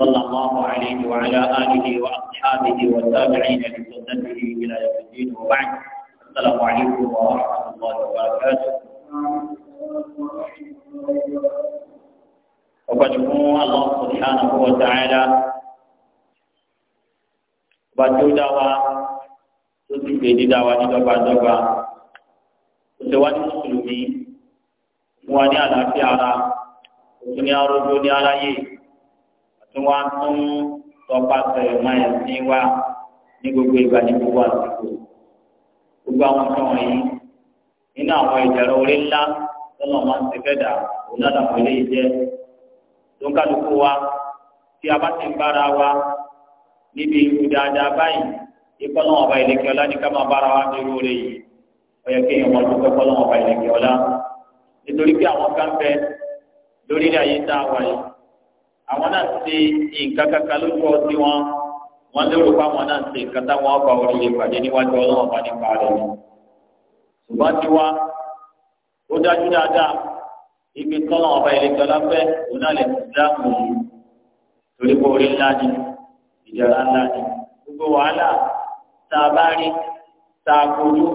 صلى الله عليه وعلى آله وأصحابه والتابعين لسنته إلى يوم الدين وبعد السلام عليكم ورحمة الله وبركاته وبجموع الله سبحانه وتعالى وبجودا وتسكي دعوة دعوة دعوة ìṣèwádìí mùsùlùmí fún wa ní àlàáfíà ara òtún ní arójú ní tí wọ́n á tún tọpasẹ̀ ìmọ̀ ẹ̀sìn wa ní gbogbo ìgbà ní gbogbo àsìkò gbogbo àwọn ọmọ wọ̀nyí nínú àwọn ìjàrá orí ńlá tọ́nà máa ń ti fẹ́ dà òun náà làwọn eléyìí jẹ́ tó ń kálukú wa tí a bá ti ń bára wa níbi irú dáadáa báyìí ikọ́ náà ọba ìlẹ̀kẹ́ ọlá ní ká máa bára wa nírú rẹ̀ yìí ọ̀yẹ́ kí èèyàn máa dúpẹ́ kọ́ náà ọba ìlẹ̀kẹ́ ọlá nítorí pé àwọn kan bẹ lórílẹ̀ ayé tá a wà àwọn náà ṣe nǹkan kankan lójú ọtí wọn wọn lérò pé àwọn náà ṣe nǹkan táwọn ọba oríire pàdé níwájú ọlọ́run ọba nípa rẹ̀ ni. ṣùgbọ́n tiwa ó dájú dáadáa ibi tọ́lọ̀ ọba ìlẹ́jọ́ láfẹ́ òun náà lè ti dáàbò yìí torí pé orí ńlá ni ìjọra ńlá ni gbogbo wàhálà tá a bá rí tá a kojú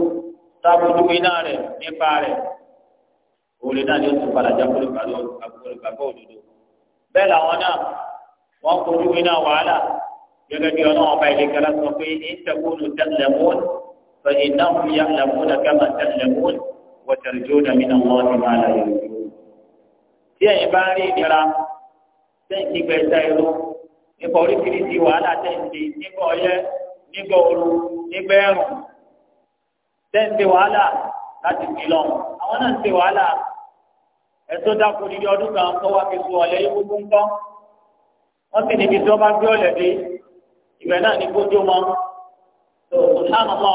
tá a kojú iná rẹ̀ nípa rẹ̀ òun lè náà ní oṣù padà jákòlùkà lọ́wọ́ àgbọ̀lùkà bọ́ọ̀lù lọ́wọ́ bẹ́ẹ̀ làwọn náà wọ́n kojú iná wàhálà gẹ́gẹ́ bí ọlọ́run ọba ìlẹ́kẹ̀lá sọ pé ìtẹ̀kùnù tẹ̀lẹ̀mún فإنهم يعلمون كما تعلمون وترجون من الله ما لا يرجون tí ẹ̀yin bá ń rí ìnira tẹ́ǹtì gbẹ̀ẹ́sẹ̀ irú nípa oríṣiríṣi wàhálà tẹ́ǹtì nípa ọyẹ́ nípa ooru nípa ẹ̀rùn tẹ́ǹtì wàhálà láti fi lọ àwọn náà ń ẹtọ dáko níbi ọdún kan tó wá fi so ọlẹ yìí gbogbo ńkọ wọn sì níbi tí wọn bá gbé ọlẹ dé ìbẹ náà ní gbójú mọ tó sànù mọ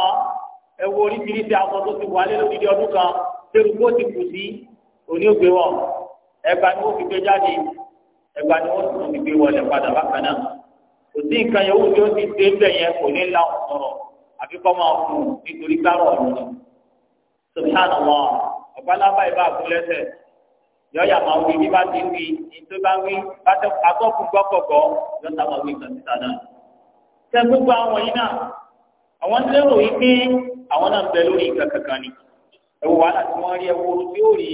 ẹ oríṣiríṣi aṣọ tó ti wálé lódìdí ọdún kan tẹrù kó ti kù sí òní ògbé wọn ẹgbà ni wọn fi gbé jáde ẹgbà ni wọn tún fi gbé wọlé padà bákan náà kò sí nǹkan yẹn wúlò tí ó ti dé bẹ́ẹ̀ yẹn kò ní la ọ̀rọ̀ àfi kọ́ máa kú nítorí gbárò ọ̀rọ̀ ni subhanallah ọ̀pá lábàá ìbá yọ̀ọ́yà máa wí bí bá ti wí ètò bá wí atọ́kùn gbọ́kọ̀gbọ́ yọ̀ọ́ta máa wí kan síta náà. tẹ gbogbo àwọn yìí náà àwọn lérò yìí pé àwọn náà ń bẹ lórí nǹkan kankan ni ẹwọ wàhálà tí wọ́n rí ẹwọ olú tí ó rí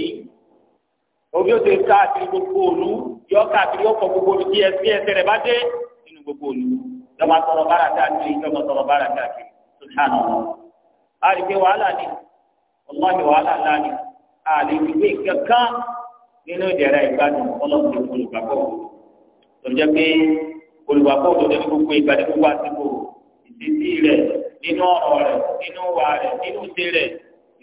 omi ó ti káàkiri gbogbo olú yọ káàkiri yọ fọ gbogbo olú tí ẹsẹ ẹsẹ rẹ bá dé nínú gbogbo olú yọmọ sọ̀rọ̀ bára subhanallah a rí pé wàhálà ni ọlọ́ọ̀ni nínú ìdẹ̀ra ìgbádùn ọlọ́run tó olùgbàgbọ́ tó jẹ́ pé olùgbàgbọ́ tó dé gbogbo ìgbà ní gbogbo àsìkò ìṣesí rẹ̀ nínú ọ̀rọ̀ rẹ̀ nínú wa rẹ̀ nínú ṣe rẹ̀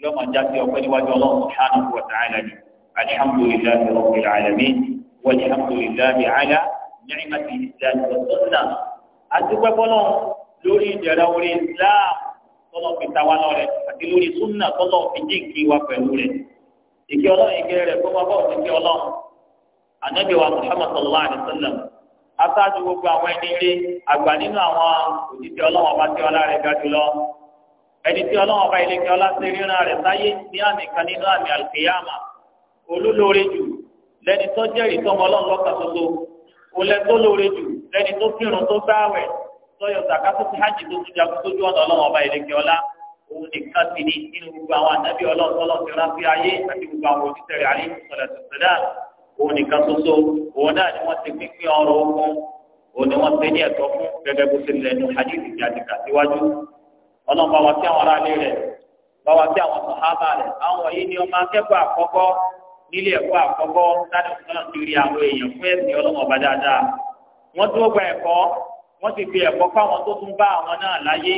yóò máa já sí ọpẹ́ níwájú ọlọ́run subhanahu wa ta'ala ni alihamdulilayi rabbil alamin walihamdulilayi ala ni'mati islam wa sunnah adúgbò bọ́lọ̀ lórí ìdẹ̀ra orí islam tọ́lọ́ fi tawá lọ́rẹ̀ àti lórí sunnah tọ́lọ́ fi jíǹkì wa pẹ̀lú rẹ̀. ìkẹ́ ọlọ́run ike rẹ̀ kó máa bọ̀ sí ìkẹ́ ọlọ́run ànábì wa muhammad sallallahu alayhi wa gbogbo àwọn ẹni ilé àgbà àwọn ọlọ́run ọba tí ọlá rẹ̀ ga ẹni ọba ilé kí ọlá ríran rẹ̀ sáyé ní àmì kan nínú àmì jù lẹni tó jẹ́rìí ọlọ́run lọ́kàn olẹ tó lóore jù lẹni tó kírun tó gbáwẹ̀ tó yọ ti hajj tó jagun ọ̀nà ọlọ́run ọba ilé kí ọlá òun nìkan sì ni nínú gbogbo àwọn ànábì ọlọ́ọ̀tọ́lọ́ ti rán sí ayé àti gbogbo àwọn òṣìṣẹ́rẹ̀ àrí sọ̀rọ̀ sọ̀dá òun nìkan ṣoṣo òun náà ni wọ́n ti pínpín ọrọ̀ ogun òun ni wọ́n ti ní ẹ̀tọ́ fún gẹ́gẹ́ bó ti lẹ́nu hadith ìjàdìkà ni ọmọ akẹ́kọ̀ọ́ àkọ́kọ́ nílé ẹ̀kọ́ àkọ́kọ́ láti fún ọ̀nà ti rí àwọn èèyàn fún ẹ̀sìn ọlọ́run ọba dáadáa wọ́n tó gba ti fi ẹ̀kọ́ fáwọn tó tún bá àwọn náà láyé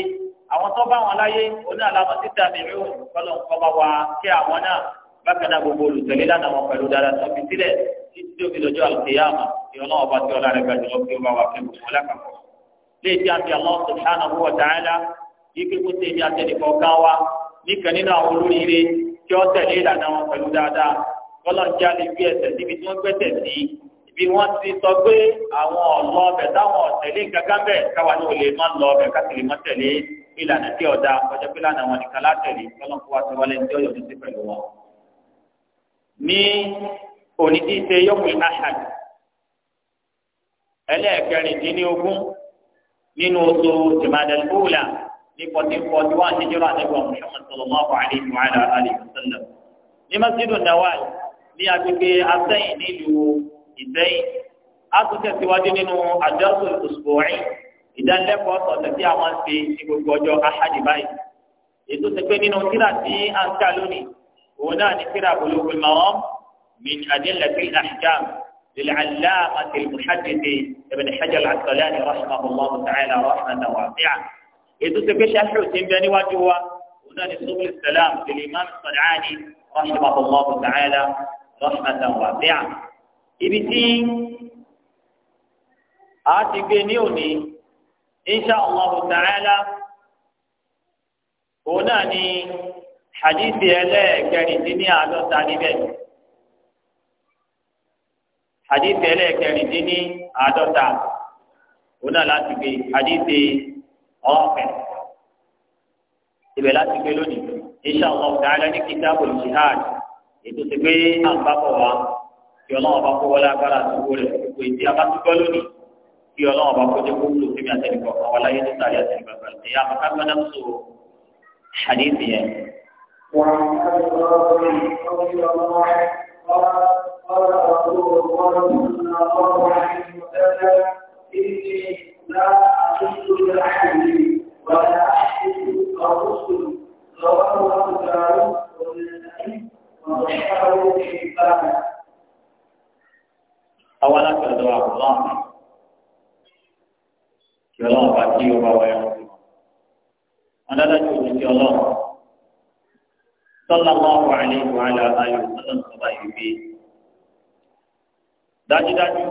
àwọn tó bá wọn láyé oní àlámọ títà mìíràn kọlọ ń kọba wa kí àwọn náà bákan náà gbogbo olùtẹ̀lé lánàá wọn pẹ̀lú dáadáa tó fi sílẹ̀ títí tó fi lọ́jọ́ àlùkìyàmà ìrọ̀lá ọba tí ọlá rẹ̀ gbà jùlọ kí ó bá wà fẹ́ gbogbo lápapọ̀. léèdì àti Allah subhanahu wa ta'ala yíké kó tèmi àtẹnìkọ̀ kan wa níkan nínú àwọn olóríire tí ó tẹ̀lé ìlànà wọn pẹ̀lú dáadáa bí ẹsẹ̀ ti sọ pé àwọn ọ̀lọ́ ọbẹ̀ táwọn ọ̀tẹ̀lé gàgàbẹ̀ káwa ní olè má lọ ọbẹ̀ káṣílẹ̀ mọ́tẹ̀lé ìlànà tí ọ̀dà ọjọ́ pé lánàá wọn nìkan látẹ̀lé lọ́nà kó wá sí wọlé ní ọ̀yọ́ títí pẹ̀lú wọn. ní òní tí í ṣe yọ̀pọ̀ ahad ẹlẹ́ẹ̀kẹrin dín ní ogún nínú oṣù jìmọ̀dẹ́lì bóòlà ní fourteen forty one níjọba àdébọ̀ Muhammad sallallahu alayhi wa alayhi wa sallam. ní masjidu nawal ní agbègbè asẹ́yìn nílùú ìsẹ́yìn a tún tẹ̀síwájú nínú àjọṣe ìdánilẹ́kọ̀ọ́ sọ̀tẹ̀ tí a máa ń ṣe ní gbogbo ọjọ́ ahadi báyìí ètò ti pé nínú kíra tí a ń ká lónìí òun náà ní kíra Bulughul Maram min adillatil ahkam للعلامة المحدث ابن حجر العسقلاني رحمه الله تعالى رحمة واسعة ètò ti pé ṣáṣù ti ń bẹ níwájú wa òun رحمه الله تعالى رحمة واسعة ibi tí a ti gbé ní òní insha allahu ta'ala òun náà ni hadithi ẹlẹ́ẹ̀kẹrìndínláàádọ́ta níbẹ̀ hadithi ẹlẹ́ẹ̀kẹrìndínláàádọ́ta òun náà láti gbé hadithi ọ̀fẹ́ ibẹ̀ láti gbé lónìí insha allahu ta'ala ní kitabul jihad ètò ti gbé àǹbá bọ̀ wá kí ọlọ́wọ́ bá kó wọlé agbára àdúgbò rẹ̀ gbogbo ìdí abátúgbọ́ lónìí. kí ọlọ́run bá kó jẹ́ kó wúlò fún mi àtẹnìkọ̀ kan wá láyé nígbà yẹn àtẹnìkọ̀ kan ṣe yá màkà gbọ́dọ̀ ń sọ hadith yẹn. وعن ابي بكر رضي الله عنه قال قال رسول الله صلى الله عليه وسلم اني لا احس بعهدي ولا احس الرسل رواه ابو داود والنسائي وصححه ابن حبان. اولا كذا الله kí ọlọ́run bá kí ọba wáyé wọn sí wọn. adájọ́ òun ti ọlọ́run sọ́lá máa wà ní ìwà àlẹ́ àbáyọ sọ́lá sọ́ba yìí gbé. dájúdájú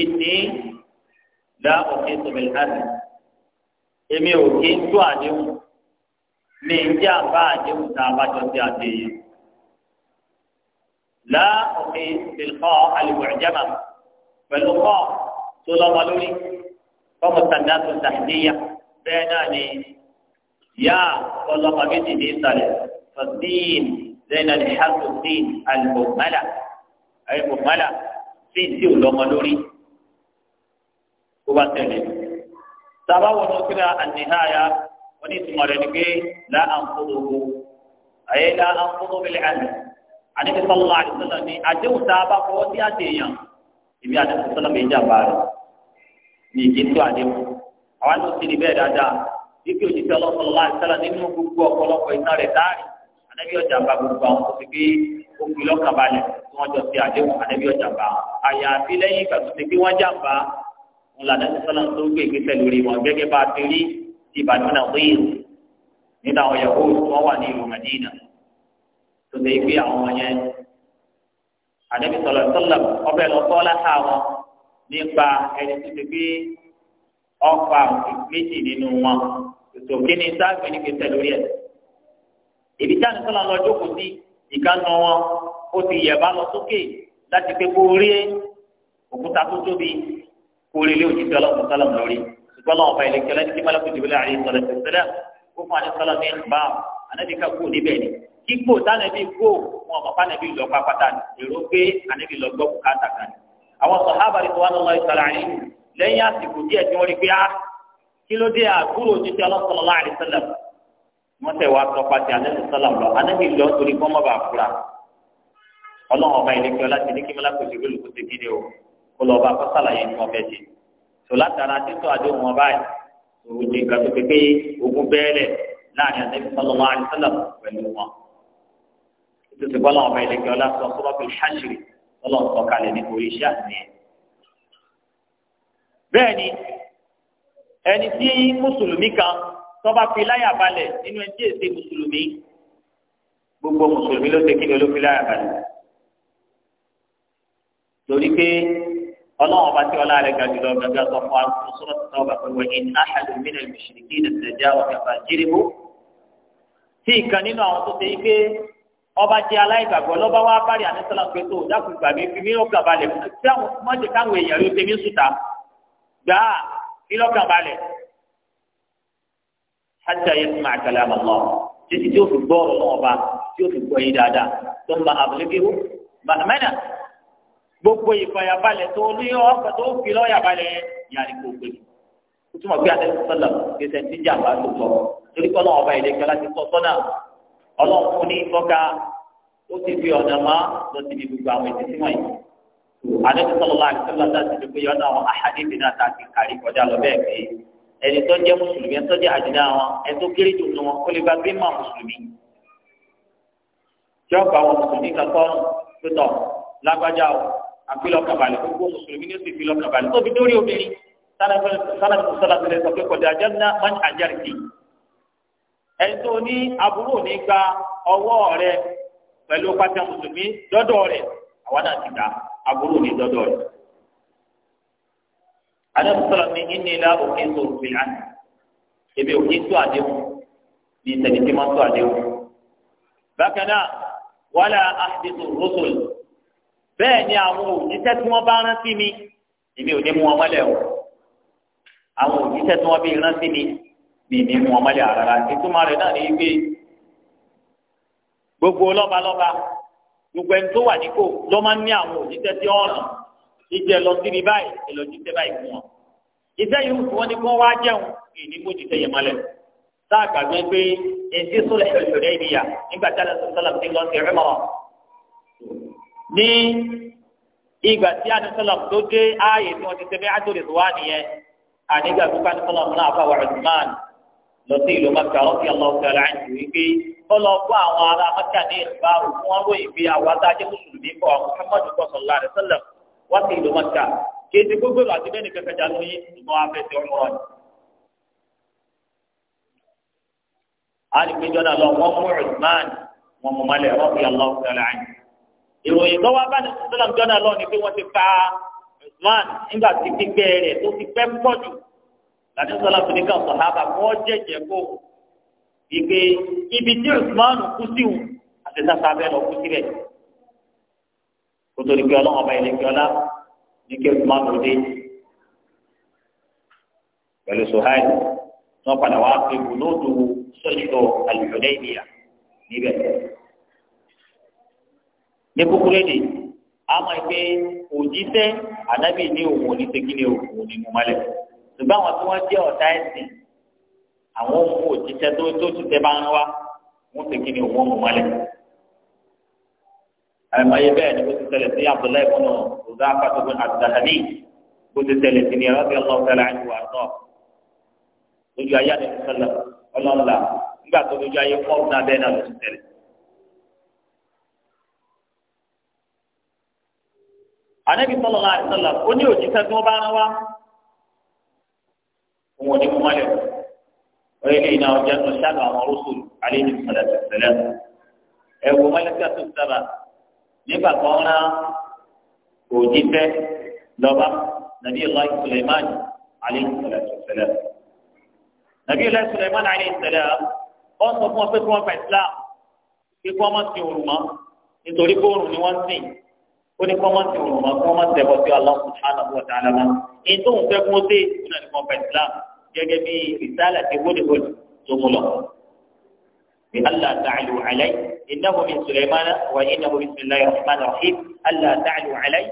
ìní dá òkè sọ̀bẹ̀lì hàn èmi ò kí ń tó àdéhùn ní ìjẹ́ àbá àdéhùn tá a bá jọ sí àdéhùn. لا أقيم بالقاء المعجمة فالقاء طلب لي fọ́mùsàdátù tàhdíyà bẹ́ẹ̀ náà ni yá ọlọ́mọ méjì ní ìsàlẹ̀ fọ́síìn lẹ́nà ní hàtùsíìn àlùmọ́lá àlùmọ́lá sí tí ò lọ́mọ lórí kó bá tẹ̀lé. sábà wọn ló kíra àníháyà wọn ní ìtumọ̀ rẹ̀ ni pé láàǹkóso ayé láàǹkóso bẹ̀lẹ̀ àná àdébísọ́lá àdébísọ́lá ni àdéhùn tá a bá fọwọ́ sí àdéhùn ìbí àdébísọ́lá mi jà bá rẹ̀. ní ìdí tó àdéhùn àwa ló ti rí bẹ́ẹ̀ dáadáa wípé òjijì ọlọ́pàá láti sálà nínú gbogbo ọ̀pọ̀lọpọ̀ iná rẹ̀ dáàrí ànábì ọjà bá gbogbo àwọn tó ti gbé òkú lọ́kàbalẹ̀ tí wọ́n jọ ti àdéhùn ànábì ọjà bá àyàfi lẹ́yìn ìgbà tó ti gbé wọ́n jàǹbá wọn là dájú sálà tó gbé ìgbésẹ̀ lórí wọn gẹ́gẹ́ bá a ti rí ti ìbàdàn náà wíì nínú àwọn yahoo tí wọ́n wà ní ìlú yẹn ànábì sọlọ nípa ẹni tó ti gbé ọkọ àwọn méjì nínú wọn ètò kíni sáàgbé ní kẹsẹ lórí ẹ ibi tí a ní sọlá lọ jókòó sí ìkànnà wọn ó ti yẹ̀bá lọ sókè láti pé kó rí òkúta tó tóbi kó rí ilé òjijì ọlọ́run sọlá lórí ṣùgbọ́n lọ́wọ́ ọba ìlẹ̀kẹ́ lẹ́ni tí mọ́lẹ́kù jìbìlẹ̀ àyè sọ̀rọ̀ ṣẹ̀ṣẹ̀rẹ̀ ó fún àdìsọ́lá ní ìgbà ànábì ká kú níbẹ̀ ni kíkó tánàbí kó wọn ọ̀mọ̀pá nàbí lọ pápátá ni èrò pé ànábì lọ gbọ́ bùkátà kan ni àwọn sàhábà rí wà lọ́wọ́ ìsàlẹ̀ àyè lẹ́yìn àsìkò díẹ̀ tí wọ́n rí pé á ah, kí ló dé àkúrò òjijì ọlọ́sọ̀lọ́lá àdìsẹ́lẹ̀ wọ́n tẹ̀ wá tọpa ti anẹ́sẹ̀ sọ́làm lọ anẹ́sẹ̀ lọ torí kọ́ mọ́ba àkúrà ọlọ́run ọba ilé kí ọlá ti ní kí mọ́lá kò sí lólu kó ti kéde o kó lọ́ọ́ bá kọ́ sàlàyé ní ọbẹ̀ jì tó látara títọ́ àdéhùn wọn ọba ilé ọlọ́run sọ̀kalẹ̀ nítorí iṣẹ́ àti ẹ̀. bẹ́ẹ̀ ni ẹni tí mùsùlùmí kan tó bá fi láyà balẹ̀ nínú ẹni tí èsè mùsùlùmí gbogbo mùsùlùmí ló ṣe kíni olófin láyà balẹ̀. torí pé ọlọ́run ọba tí ọlá rẹ̀ ga jùlọ gbàgbà sọ fún àwọn sọ́nà tó tọ́ bàbá wọn in ahadu min al-mushrikina ìdàtẹ̀já ọ̀kẹ́fà jírìbó tí ìkan nínú àwọn tó ṣe yí pé ọba jẹ aláìgbàgbọ́ lọba wa bari anisala pé tó dákun gbà mí fi mí lọ́kàn balẹ̀ tí àwọn má jẹ káwọn èèyàn yóò tẹ mí sùtà gbà mí lọ́kàn balẹ̀ hàtà yẹn fún àkàlà àmàlọ títí tí ó fi gbọ́ ọ̀rọ̀ ọba tí ó fi gbọ́ yìí dáadáa tó ń ba àbúlégéwò mẹ́nà gbogbo ìfọyàbalẹ̀ tó ní ọkọ tó fi lọ́yàbalẹ̀ yàrá gbogbo yìí ó túmọ̀ pé àtẹ̀sọ́lọ̀ kí ọlọ́run fún ní ìtọ́ka ó ti fi ọ̀nà má lọ síbi gbogbo àwọn ìdísí wọ̀nyí. àdéhùn sọlọ́lá àti sọlọ́lá ti dùn pé yọ̀ọ́nà àwọn àhádìsì náà ta ti kárí kọjá lọ bẹ́ẹ̀ pé ẹni tó jẹ́ mùsùlùmí ẹni tó jẹ́ àdínà wọn ẹni tó kéré jù nù wọn kó lè bá bí mà mùsùlùmí. tí ọ̀pọ̀ àwọn mùsùlùmí kankan tó tọ̀ lágbájá o àfilọ̀ kàbàlẹ̀ ẹni tó ní aburú ní gba ọwọ́ rẹ pẹ̀lú pátá mùsùlùmí dọ́dọ̀ rẹ àwa náà ti gbà aburú ní dọ́dọ̀ rẹ. adébùsọ̀rọ̀ mi ní ilá òkè tó rúbìlà ebi òkè tó àdéhùn ní ìtẹ̀lẹ́ tí wọ́n tó àdéhùn. bákan náà wàhálà àdìsù rọ́sọ̀lù bẹ́ẹ̀ ni àwọn òjíṣẹ́ tí wọ́n bá rántí mi èmi ò mú wọn mọ́lẹ̀ o àwọn òjíṣẹ́ tí wọ́n bí rántí mi bí mu mú ọmọlẹ́ àràrà ìtumọ̀ rẹ̀ náà ní ibi gbogbo lọ́balọ́ba gbogbo ẹni tó wà nípò ló máa ń ní àwọn òjíṣẹ́ tí wọ́n ràn ìjẹ lọ síbi báyìí èlò jíṣẹ́ báyìí fún wọn. iṣẹ́ yìí fún wọn ni kí wọ́n wá jẹun kì í ní mójútó yẹn mọ́lẹ̀. sáà gbàgbé pé èsì sọlẹ̀ ìṣòlẹ̀ ìdíyà nígbà tí alẹ́ ti lọ sí ẹ̀rẹ́ mọ́. ní ìgbà tí lọ sí ìlú maka ọtí ọlọ́ọ̀tì aláǹtì wípé ó lọ fún àwọn ará maka ní ìgbà òkú wọn lóyìn pé àwọn adájẹ́ mùsùlùmí bọ̀ muhammadu sallallahu alaihi wasallam wá sí ìlú maka kéde gbogbo ìlú àti bẹ́ẹ̀ ni kẹkẹjà lóyìn ṣùgbọ́n afẹ́sẹ̀ ọmọrọ̀ ni. alìpéjọ náà lọ wọn mú Usman wọn mú malẹ ọtí ọlọ́ọ̀tì aláǹtì ìròyìn tó wá bá ní sọlọm jọ lọ láti sọlá tó ní ká sọ̀hábà kọ́ jẹ́jẹ́ kó ìgbé ibi tí Usman kú sí wù àti sáfà bẹ́ẹ̀ lọ kú síbẹ̀ kótó ní kí ọlọ́run ọba ìlẹ́kẹ́ ọlá ní kí Usman ló dé pẹ̀lú Suhail wọn padà wá pé bùnódù sọ́jọ́ àlùfẹ́lẹ́ ìdíyà níbẹ̀ ní kúkúrú èdè àmọ́ ìpè òjíṣẹ́ ànábì ní òun ò ní segin ní òun ò ní mú malẹ̀ ṣùgbọ́n àwọn tí wọ́n jẹ́ ọ̀tá ẹ̀sìn àwọn ohun òjíṣẹ́ tó tó ti tẹ́ bá ń wá wọ́n ti kíni òun mú wọlé. àìmọye bẹ́ẹ̀ ni bó ti tẹ̀lé sí Abdullahi ibn ọ̀dọ́ apàtọ́gbọ̀n àtàlẹ́ bó ti tẹ̀lé sí ni ọlọ́dẹ ọlọ́ọ̀tẹ́lẹ̀ àìwá náà lójú ayé àti sọlọ ọlọ́ọ̀la nígbà tó lójú ayé fọ́ọ̀mù náà bẹ́ẹ̀ náà ló ti tẹ̀lé wọn ò ní kún mọ́lẹ̀ oye lè na ọjà tó ṣáàlù àwọn rúṣùl alayhi salatu wassalam ẹ wo mọ́lẹ́kà tó sábà nígbà kan rán òjíṣẹ́ lọ́ba nàbí Allah Sulaiman alayhi salatu wassalam nàbí Allah Sulaiman alayhi salam ọ sọ fún wọn pé kí wọ́n fà islam kí wọ́n má ti òrùn mọ́ nítorí bóòrùn ni wọ́n sìn ó ní kọ́mọ́ ti òrùn mọ́ kọ́mọ́ tẹ̀bọ̀ sí Allah subhanahu wa ta'ala mọ́ ètò òun fẹ́ fún ó dé ìkúnlẹ̀ nípa islam gẹ́gẹ́ bí ìsálà ti wódìwódì tó mú lọ. bí allah ta'alu alay innahu min sulaymana wa innahu bisimilayi rahman rahim allah ta'alu alay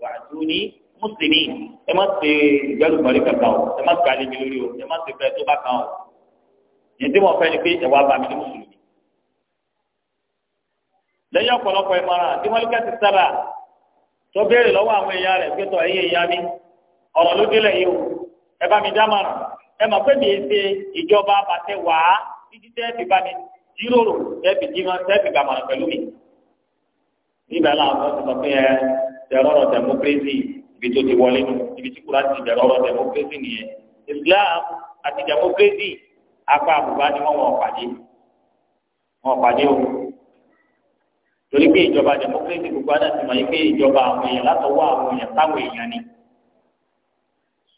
wa atuni muslimin ẹ má ṣe ìgbẹ́rù mọ́rí kankan o ẹ má ṣe alẹ́ mi lórí o ẹ má ṣe fẹ́ tó bá kan o yẹn tí wọ́n fẹ́ ni pé ẹ̀wà bá mi ní mùsùlùmí. lẹ́yìn ọ̀pọ̀lọpọ̀ ìmọ̀ràn tí wọ́n lé kẹ́sì tó béèrè lọ́wọ́ àwọn èèyàn rẹ̀ pé tọ̀ ẹ̀yìn èèyàn mi ọ̀rọ̀ ló délẹ̀ yìí o ẹ bá mi dá màrán ẹ mọ̀ pé mi ń ṣe ìjọba àbàtẹ wà á títí tẹ́ẹ̀fì bá mi jíròrò tẹ́ẹ̀fì jímọ̀ tẹ́ẹ̀fì gbàmọ̀ràn pẹ̀lú mi. níbẹ̀ làwọn ti sọ pé ẹ tẹ̀rọ̀rọ̀ democracy ibi tó ti wọlé nu ibi tí kura ti tẹ̀rọ̀rọ̀ democracy nìyẹn Islam àti democracy apá àbùbá ni wọ́n wọ̀ pàdé wọ́n pàdé o torí pé ìjọba democracy gbogbo adájú mọ̀ yí pé ìjọba àwọn èèyàn látọwọ́ àwọn èèyàn táwọn èèyàn ni.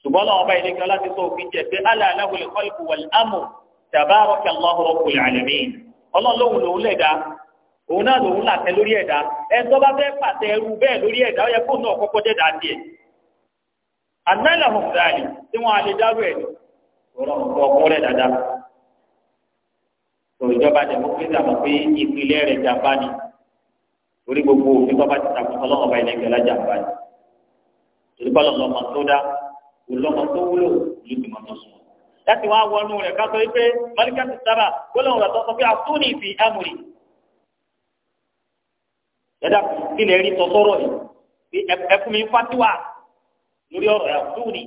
ṣùgbọ́n náà ọba ìlẹ́kẹ́ láti jẹ pe ala ala al-khalqu wal-amru tabaraka Allahu rabbul alamin ọlọ́run lòun lòun lè òun náà lòun làtẹ lórí ẹ̀dá ẹ̀tọ́ bá fẹ́ pàtẹ ẹrú bẹ́ẹ̀ lórí ẹ̀dá ó yẹ kó náà kọ́kọ́ jẹ́ àmẹ́lẹ̀ tí wọ́n á lè dárú ẹ̀ ọkùnrin rẹ̀ dáadáa tó ìjọba pé rẹ̀ jàmbá ni orí gbogbo òfin bá kò lọ́mọ tó wúlò ló ti mọ̀ tó sùn. láti wá wọnú rẹ̀ ká sọ wípé mọ́líkà ti sábà gbólóhùn rẹ̀ tó sọ pé àtúnì fi amòrì. yàtọ̀ kílẹ̀ rí tọ́tọ́rọ̀ yìí ẹkún mi fatiwa lórí ọ̀rọ̀ ẹ̀ àtúnì.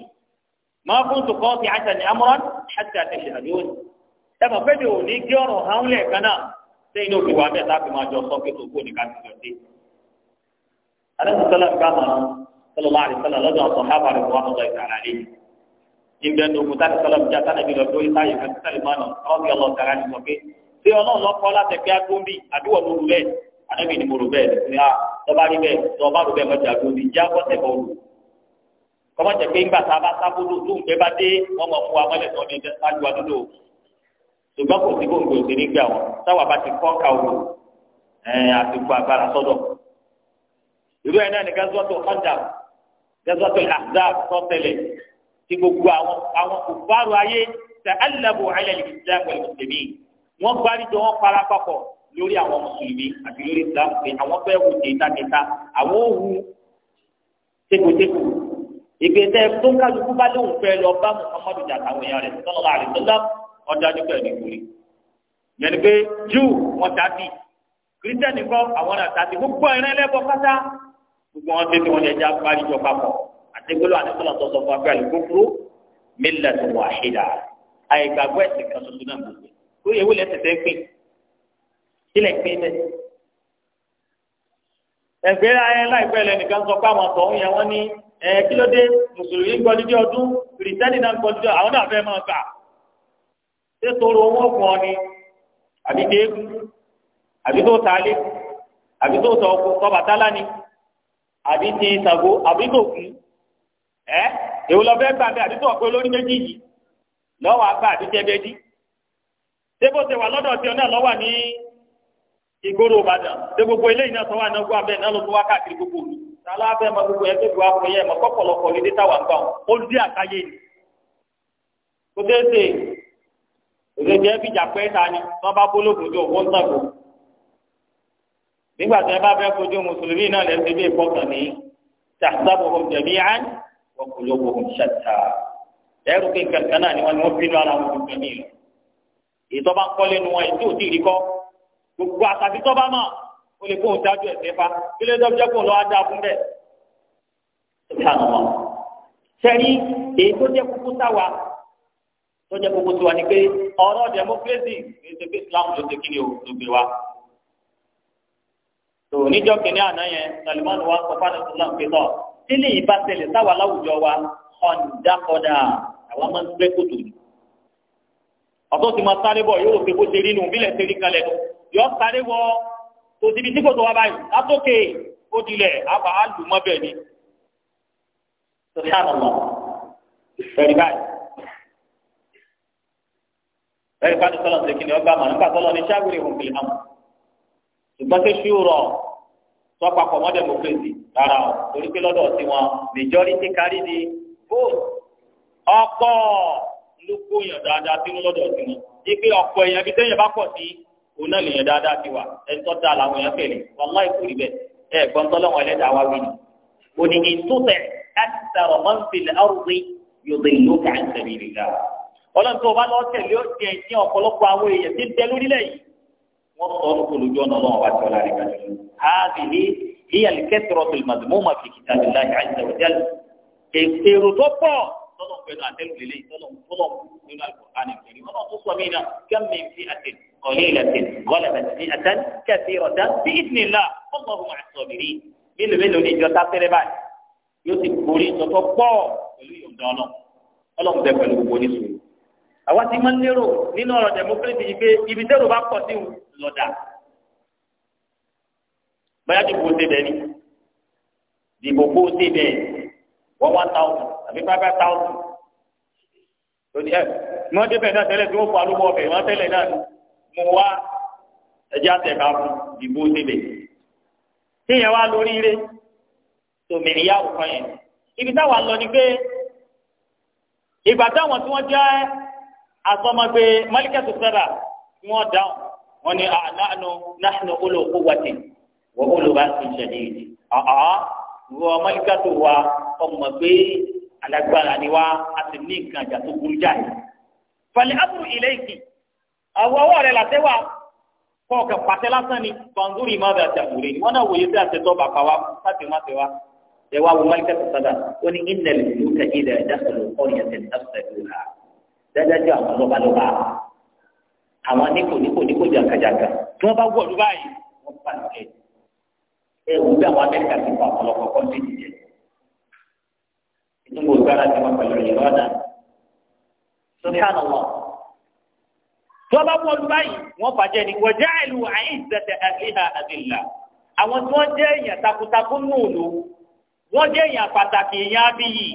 máa fún tòkọ́ ti àṣà ní amúrán àṣà ti ṣe àdéhùn. ẹ mọ̀ pé mi ò ní gé ọ̀rọ̀ fi máa jọ sọ́kẹ́tò kó nìkan ti jọ sọlọ́lá àdìsọ́lá lọ́dọ̀ ọ̀sán hábà rẹ̀ wọ́n lọ́dọ̀ ìtàlá rẹ̀ ìgbẹ́ ní òkúta ti sọlọ́ bíi àtàlẹ́ bíi lọ́dọ̀ ìta yìí fẹ́ sẹ́lẹ̀ mọ́nà ọ̀rọ̀bí ọlọ́ọ̀tara ni sọ pé ṣé ọlọ́run lọ kọ́ láti pé agbóńbì àdúgbò mo rò bẹ́ẹ̀ àdébì ni mo rò bẹ́ẹ̀ ni a tọ́ba rí bẹ́ẹ̀ tọ́ba rò bẹ́ẹ̀ mọ́jà agbóńbì já bọ́sẹ̀ bọ́ òru kọ́mọ́ jẹ́ pé ńgbà tá a bá sábúrú tó ń pẹ́ bá dé wọ́n mọ̀ fún wa mọ́lẹ̀ tó ní ẹgbẹ́ sáájú wa kò sí gbòǹgbò sí nígbà wọn táwa bá ti kọ́ ka òru àti gbọ́ agbára sọ́dọ̀ ìlú ẹ̀ náà nìkan sọ́tò ọ̀dà gẹ́gọ́tò àzáàb sọ́tẹ̀lẹ̀ tí gbogbo àwọn àwọn kòfàrò ayé tẹ alábò ayẹyẹ islam wẹ̀lẹ̀ mùsùlùmí wọ́n gbáríjọ wọn fara papọ̀ lórí àwọn mùsùlùmí àti lórí islam pé àwọn fẹ́ wù tètàtètà àwọn òwú tekoteku ìgbésẹ̀ tó ń kálukú bá lóun fẹ́ lọ bá muhammadu jàdá àwọn èèyàn rẹ̀ sọ́nà àlùsọ́lá ọ̀dájú pẹ̀lú ìwúrí yẹnni pé júù wọn tàbí kírísítẹ́nì kọ́ àwọn náà tàbí gbogbo ẹ̀rẹ́ lẹ́bọ̀ pátá gbogbo wọn tètè wọn ẹja parijọ papọ̀ àtẹgbẹlọ àtẹgbẹlọ tó sọ fún wa pé àlùkòkòrò millatu wahida àìgbàgbọ́ ẹ̀sìn kan tuntun náà gbogbo tó yẹ wọlé ẹsẹ̀ tẹ́ pé sílẹ̀ pé bẹ́ẹ̀. ẹgbẹ́ ayé láìpẹ́ lẹ́nìkan sọ pé àwọn àtọ̀hún yẹn wọ́n ní kí ló dé mùsùlùmí ń gbọ́dúdé ọdún kìrìsìtẹ́nì náà ń gbọ́dúdé àwọn náà fẹ́ máa gbà. ṣé toro owó kan ni àbí déégún àbí tó ta alé àbí tó sọ ọkọ Ọbàtálá ni àbí ti Ṣàngó àbí tòkun ẹ èwo lọ fẹ́ gbà bẹ àbí tó ọ̀pẹ olórí méjì yìí lọ́wọ́ àgbà àbí jẹ́bẹ́dí ṣé bó ṣe wà lọ́dọ̀ tí ọ náà lọ́wọ́ ní ìgboro Ìbàdàn ṣé gbogbo eléyìí náà tó wà náà gbọ́ abẹ́ náà ló tó wá káàkiri gbogbo òlu tààlà abẹ́ ma gbogbo ẹgbẹ́ ìwà fún yẹ mọ̀ kọ́pọ̀lọpọ̀ lédè táwa ń gbà wọn olùdí àkáyé ni kò tẹ́ ṣe òṣèjẹ́ bíjà pẹ́ ta ni wọ́n bá bólógùn tó wọ́n sàgbò nígbà tí ẹ bá fẹ́ kojú mùsùlùmí náà lè ṣe bí ìfọkàn ní tahsabuhum jami'an wa qulubuhum shatta ẹrù pé kankan náà ni wọn ni wọn bínú ara wọn tuntun ní ìlú ètò bá ń kọ́ lẹ́nu wọn ètò òtí ìrìkọ́ gbogbo àtàbí tó bá mọ̀ ó lè kóhun dájú ẹ̀sẹ̀ fa kí ló dọ́ kó lọ́wọ́ á fún bẹ́ẹ̀ subhanallah sẹ́ni èyí tó jẹ́ kúkú sáwa tó jẹ́ kúkú tiwa ni pé ọ̀rọ̀ democracy ní ṣe Islam ló ṣe kí ni o tó níjọ́ kìnìún àná yẹn Salman wa sọ fún àdàtúndà pẹ̀tọ́ sílẹ̀ ìbáṣẹlẹ̀ sáwà láwùjọ wa ọ̀ǹdàkọ̀dà àwọn máa ń gbẹ́ kòtò ni. ọ̀tọ́ ti máa sáré bọ̀ yóò ṣe bó ṣe rí nù bílẹ̀ ṣe rí kalẹ̀ nù yọ sáré wọ tòsí ibi tí kòtò wa báyìí látòkè ó dilẹ̀ àbá àlùmọ́ bẹ́ẹ̀ ni. bẹ́ẹ̀ ni báyìí bẹ́ẹ̀ ni báyìí sọ̀rọ̀ ṣe kí ṣùgbọ́n ṣé ṣúrọ̀ sọ́pàpọ̀ mọ́ democracy rárá o torí pé lọ́dọ̀ sí wọn majority carry the vote ọ̀pọ̀ ló gbóyàn dáadáa sínú lọ́dọ̀ sí wọn ipe ọ̀pọ̀ èèyàn bíi téèyàn bá pọ̀ sí òun náà lèèyàn dáadáa ti wà ẹni tó dáa làwọn èèyàn tẹ̀lé wàllá ikú rí bẹ́ẹ̀ ẹ gbọ́n tọ́lọ́wọ́n ẹlẹ́dàá wá wí ni òní ìtútẹ̀ ẹ̀sẹ̀rọ̀ máa ọ̀rùn yòdè ìlú kà ń tẹ̀lé ọlọ́run tó o bá lọ tẹ̀lé ó ní ọ̀pọ̀lọpọ̀ àwọn èèyàn tí ń tẹ lórílẹ̀ yìí wọ́n sọ ọ́ olùjọ́ náà lọ́wọ́ wá sí ọ̀la rẹ̀ gàdú. hàbìlì hiya al-kathra al-madmuma fi kitabillahi azza wa jalla èrò tó pọ̀ tọ́lọ̀ pẹ̀lú àtẹ́lùlélẹ́ tọ́lọ̀ tọ́lọ̀ nínú al-Qur'an al-Karim ọ̀nà tó sọ mí àwa ti máa ń lérò nínú ọ̀rọ̀ democracy yìí pé ibi tẹ́rù bá pọ̀ sí lọ́dà bóyá dìbò ṣe bẹ́ẹ̀ ni dìbò kó ṣe bẹ́ẹ̀ wọ́n one thousand àbí five thousand lórí ẹ̀ ní wọ́n débẹ̀ náà tẹ́lẹ̀ tí wọ́n fọ alúgbó ọbẹ̀ wọ́n tẹ́lẹ̀ náà mo wá ẹ̀jẹ̀ àtẹ̀ká fún dìbò ṣe bẹ́ẹ̀ tíyẹn wá lórí ire tòmì ìyá òkan yẹn ibi táwa lọ ni pé ìgbà táwọn tí wọ́n jẹ́ asọmọgbé malikẹtù sábà wọn dáhùn wọn ni àánú nahnu ulul quwwati wa ulul ba'sin shadid ọ̀ọ́ wọ malikẹtù wa ọmọgbé alágbára ni wa a sì ní nǹkan àjà tó burú jáde. fàlẹ́ àbúrò ilé ìkì àwọn ọwọ́ rẹ̀ làtẹ́wà kọ́ọ̀kà pàṣẹ lásán ni kọ̀ǹdúrì máa bẹ̀rẹ̀ àtàkùrẹ́ ni wọ́n náà wòye sí àtẹ̀tọ́ bàbá wa láti má tẹ̀ wá ẹ̀wà wọ malikẹtù sábà ó ní ìnẹ̀lẹ̀ ìlú kẹ̀ ilẹ̀ ẹ̀dá dájájú àwọn lọ́balọ́ba àwọn nípò nípò nípò jàǹkàjàǹkà tí wọ́n bá wọ̀lú báyìí wọ́n bá ń jẹ ewu bí àwọn amẹ́ríkà ti fọ ọ̀pọ̀lọpọ̀ kọ́ńtì jẹ ìtumọ̀ ìgbára ti wọn pẹ̀lú ìlú ọ̀nà subhanallah tí wọ́n bá wọ̀lú báyìí wọ́n bàjẹ́ ni wọ́n já ìlú àìsẹ̀tẹ̀ àríhà àdìlà àwọn tí wọ́n jẹ́ èèyàn takuntakun nùnú wọ́n jẹ́ èèyàn pàtàkì èèyàn abiyì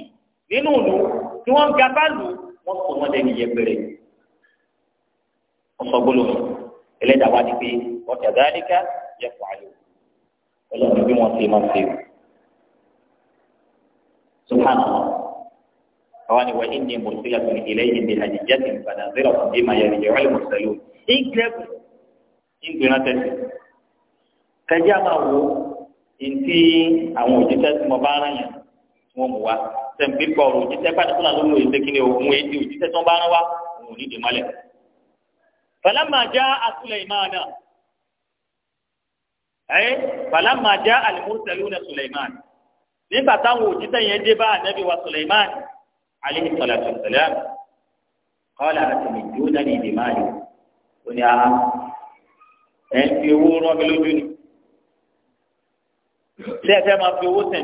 nínú nù tí wọ́n ń gabá lù wọ́n sọ wọ́n dẹni yẹpẹrẹ wọ́n sọ gbólóhùn ẹlẹ́dàá wá ní pé ọ̀tẹ̀ dáríkà yẹ fún àlò ọlọ́run bí wọ́n ṣe máa ṣe o. subhanallah àwọn ìwà ìní mùsùlùmí àti ìlẹ̀ yìí ní àjíjẹ́ ti ń padà zero fún bí màá yẹrìí yọ̀ọ́ ìmùsùlù. ìgbẹ́bù ìgbìmọ̀ tẹ̀sí kẹjá máa wo ìntí àwọn òjì tẹ́sí mọ́ bá ara yẹn tí wọ́n mú wa tẹ̀m̀pé kọ̀ọ̀rọ̀ òjíṣẹ́ pàtàkì náà ló ń lo ìṣe kí ni òun èdè òjíṣẹ́ tó ń bá rán wá òun ò ní dè mọ́lẹ̀. falamma ja'a Sulaymana ẹ̀ falamma ja'a al-mursaluna Sulayman nígbà táwọn òjíṣẹ́ yẹn dé bá ànábì wa Sulayman alayhi salatu wa salam qala atamidunani ó ní a ẹ̀ ń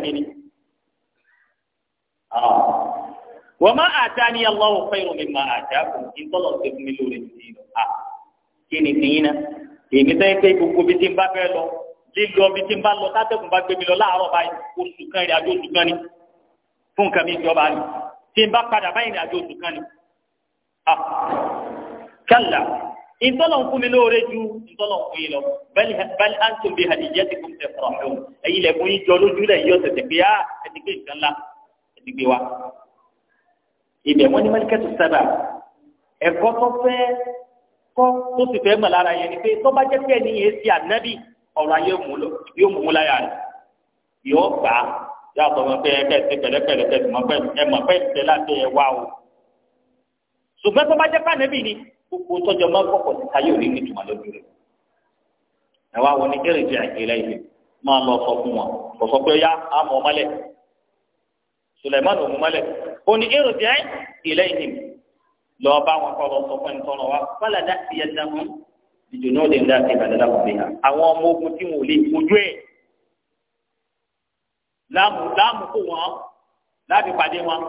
fi wọ́n máa àdá ní aláwọ̀ fẹ́ràn mi máa àdá kù kí n tọ́lọ̀ ṣe fún mi lórí ti lọ. Ah. kí ni tìyín náà èmi sẹ́yìn pé gbogbo bí ti ń bá fẹ́ lọ lílọ bí ti ń bá lọ tátẹ́kùn bá gbé mi lọ láàárọ̀ báyìí oṣù kan ìrìn àjò oṣù kan ni fún nǹkan mi ìjọba ni tí n bá padà báyìí ìrìn àjò oṣù kan ni. Ah. kálá ìtọ́lọ̀ ń fún mi lóore ju ìtọ́lọ̀ ń fún yín lọ bẹ́ẹ̀ni à ń tún ti fún mi fọ̀rọ̀ ẹ̀yìn lẹ́kùn yín jọ lójú rẹ̀ yóò tẹ̀sẹ̀ pé ah, á ẹ̀ ti gbé wa ibẹ̀ wọ́n ní mẹ́líkẹ́tù sábà ẹ̀kọ́ tó fẹ́ kọ́ tó sì fẹ́ mọ̀ lára yẹn ni pé tó bá jẹ́ pé ẹni yẹn ti ànábì ọ̀rọ̀ ayé yóò mú láyà rẹ̀ yóò gbà á yàtọ̀ wọn pé ẹgbẹ́ ti pẹ̀lẹ́pẹ̀lẹ́ pẹ̀lú mọ̀ pẹ́ ẹ̀mọ̀ pẹ́ tẹ láti ẹ̀ wá o ṣùgbọ́n tó bá jẹ́ pé ànábì ni gbogbo tọ́jọ́ máa kọ́kọ́ ti ta yóò rí ní ìtumọ̀ lójú rẹ̀ ẹ̀ wá wọn ní kẹ́rìndínlẹ́ àgbélẹ̀ yìí máa lọ sọ fún wọn kò sọ pé yá àmọ́ Suleiman ògùnmọ́lẹ̀ ó ní èrò jẹ́ ilé ìhìn lọ bá wọn kọ́ lọ sọ fún ẹni tọ́lọ wa fọlá dá sí ẹja wọn ìjò náà lè ń dá sí ìbàdàn láwọn ọmọ àwọn ọmọ ogun tí wọn ò lè fojú ẹ láàmú láàmú kó wọn láàbí pàdé wọn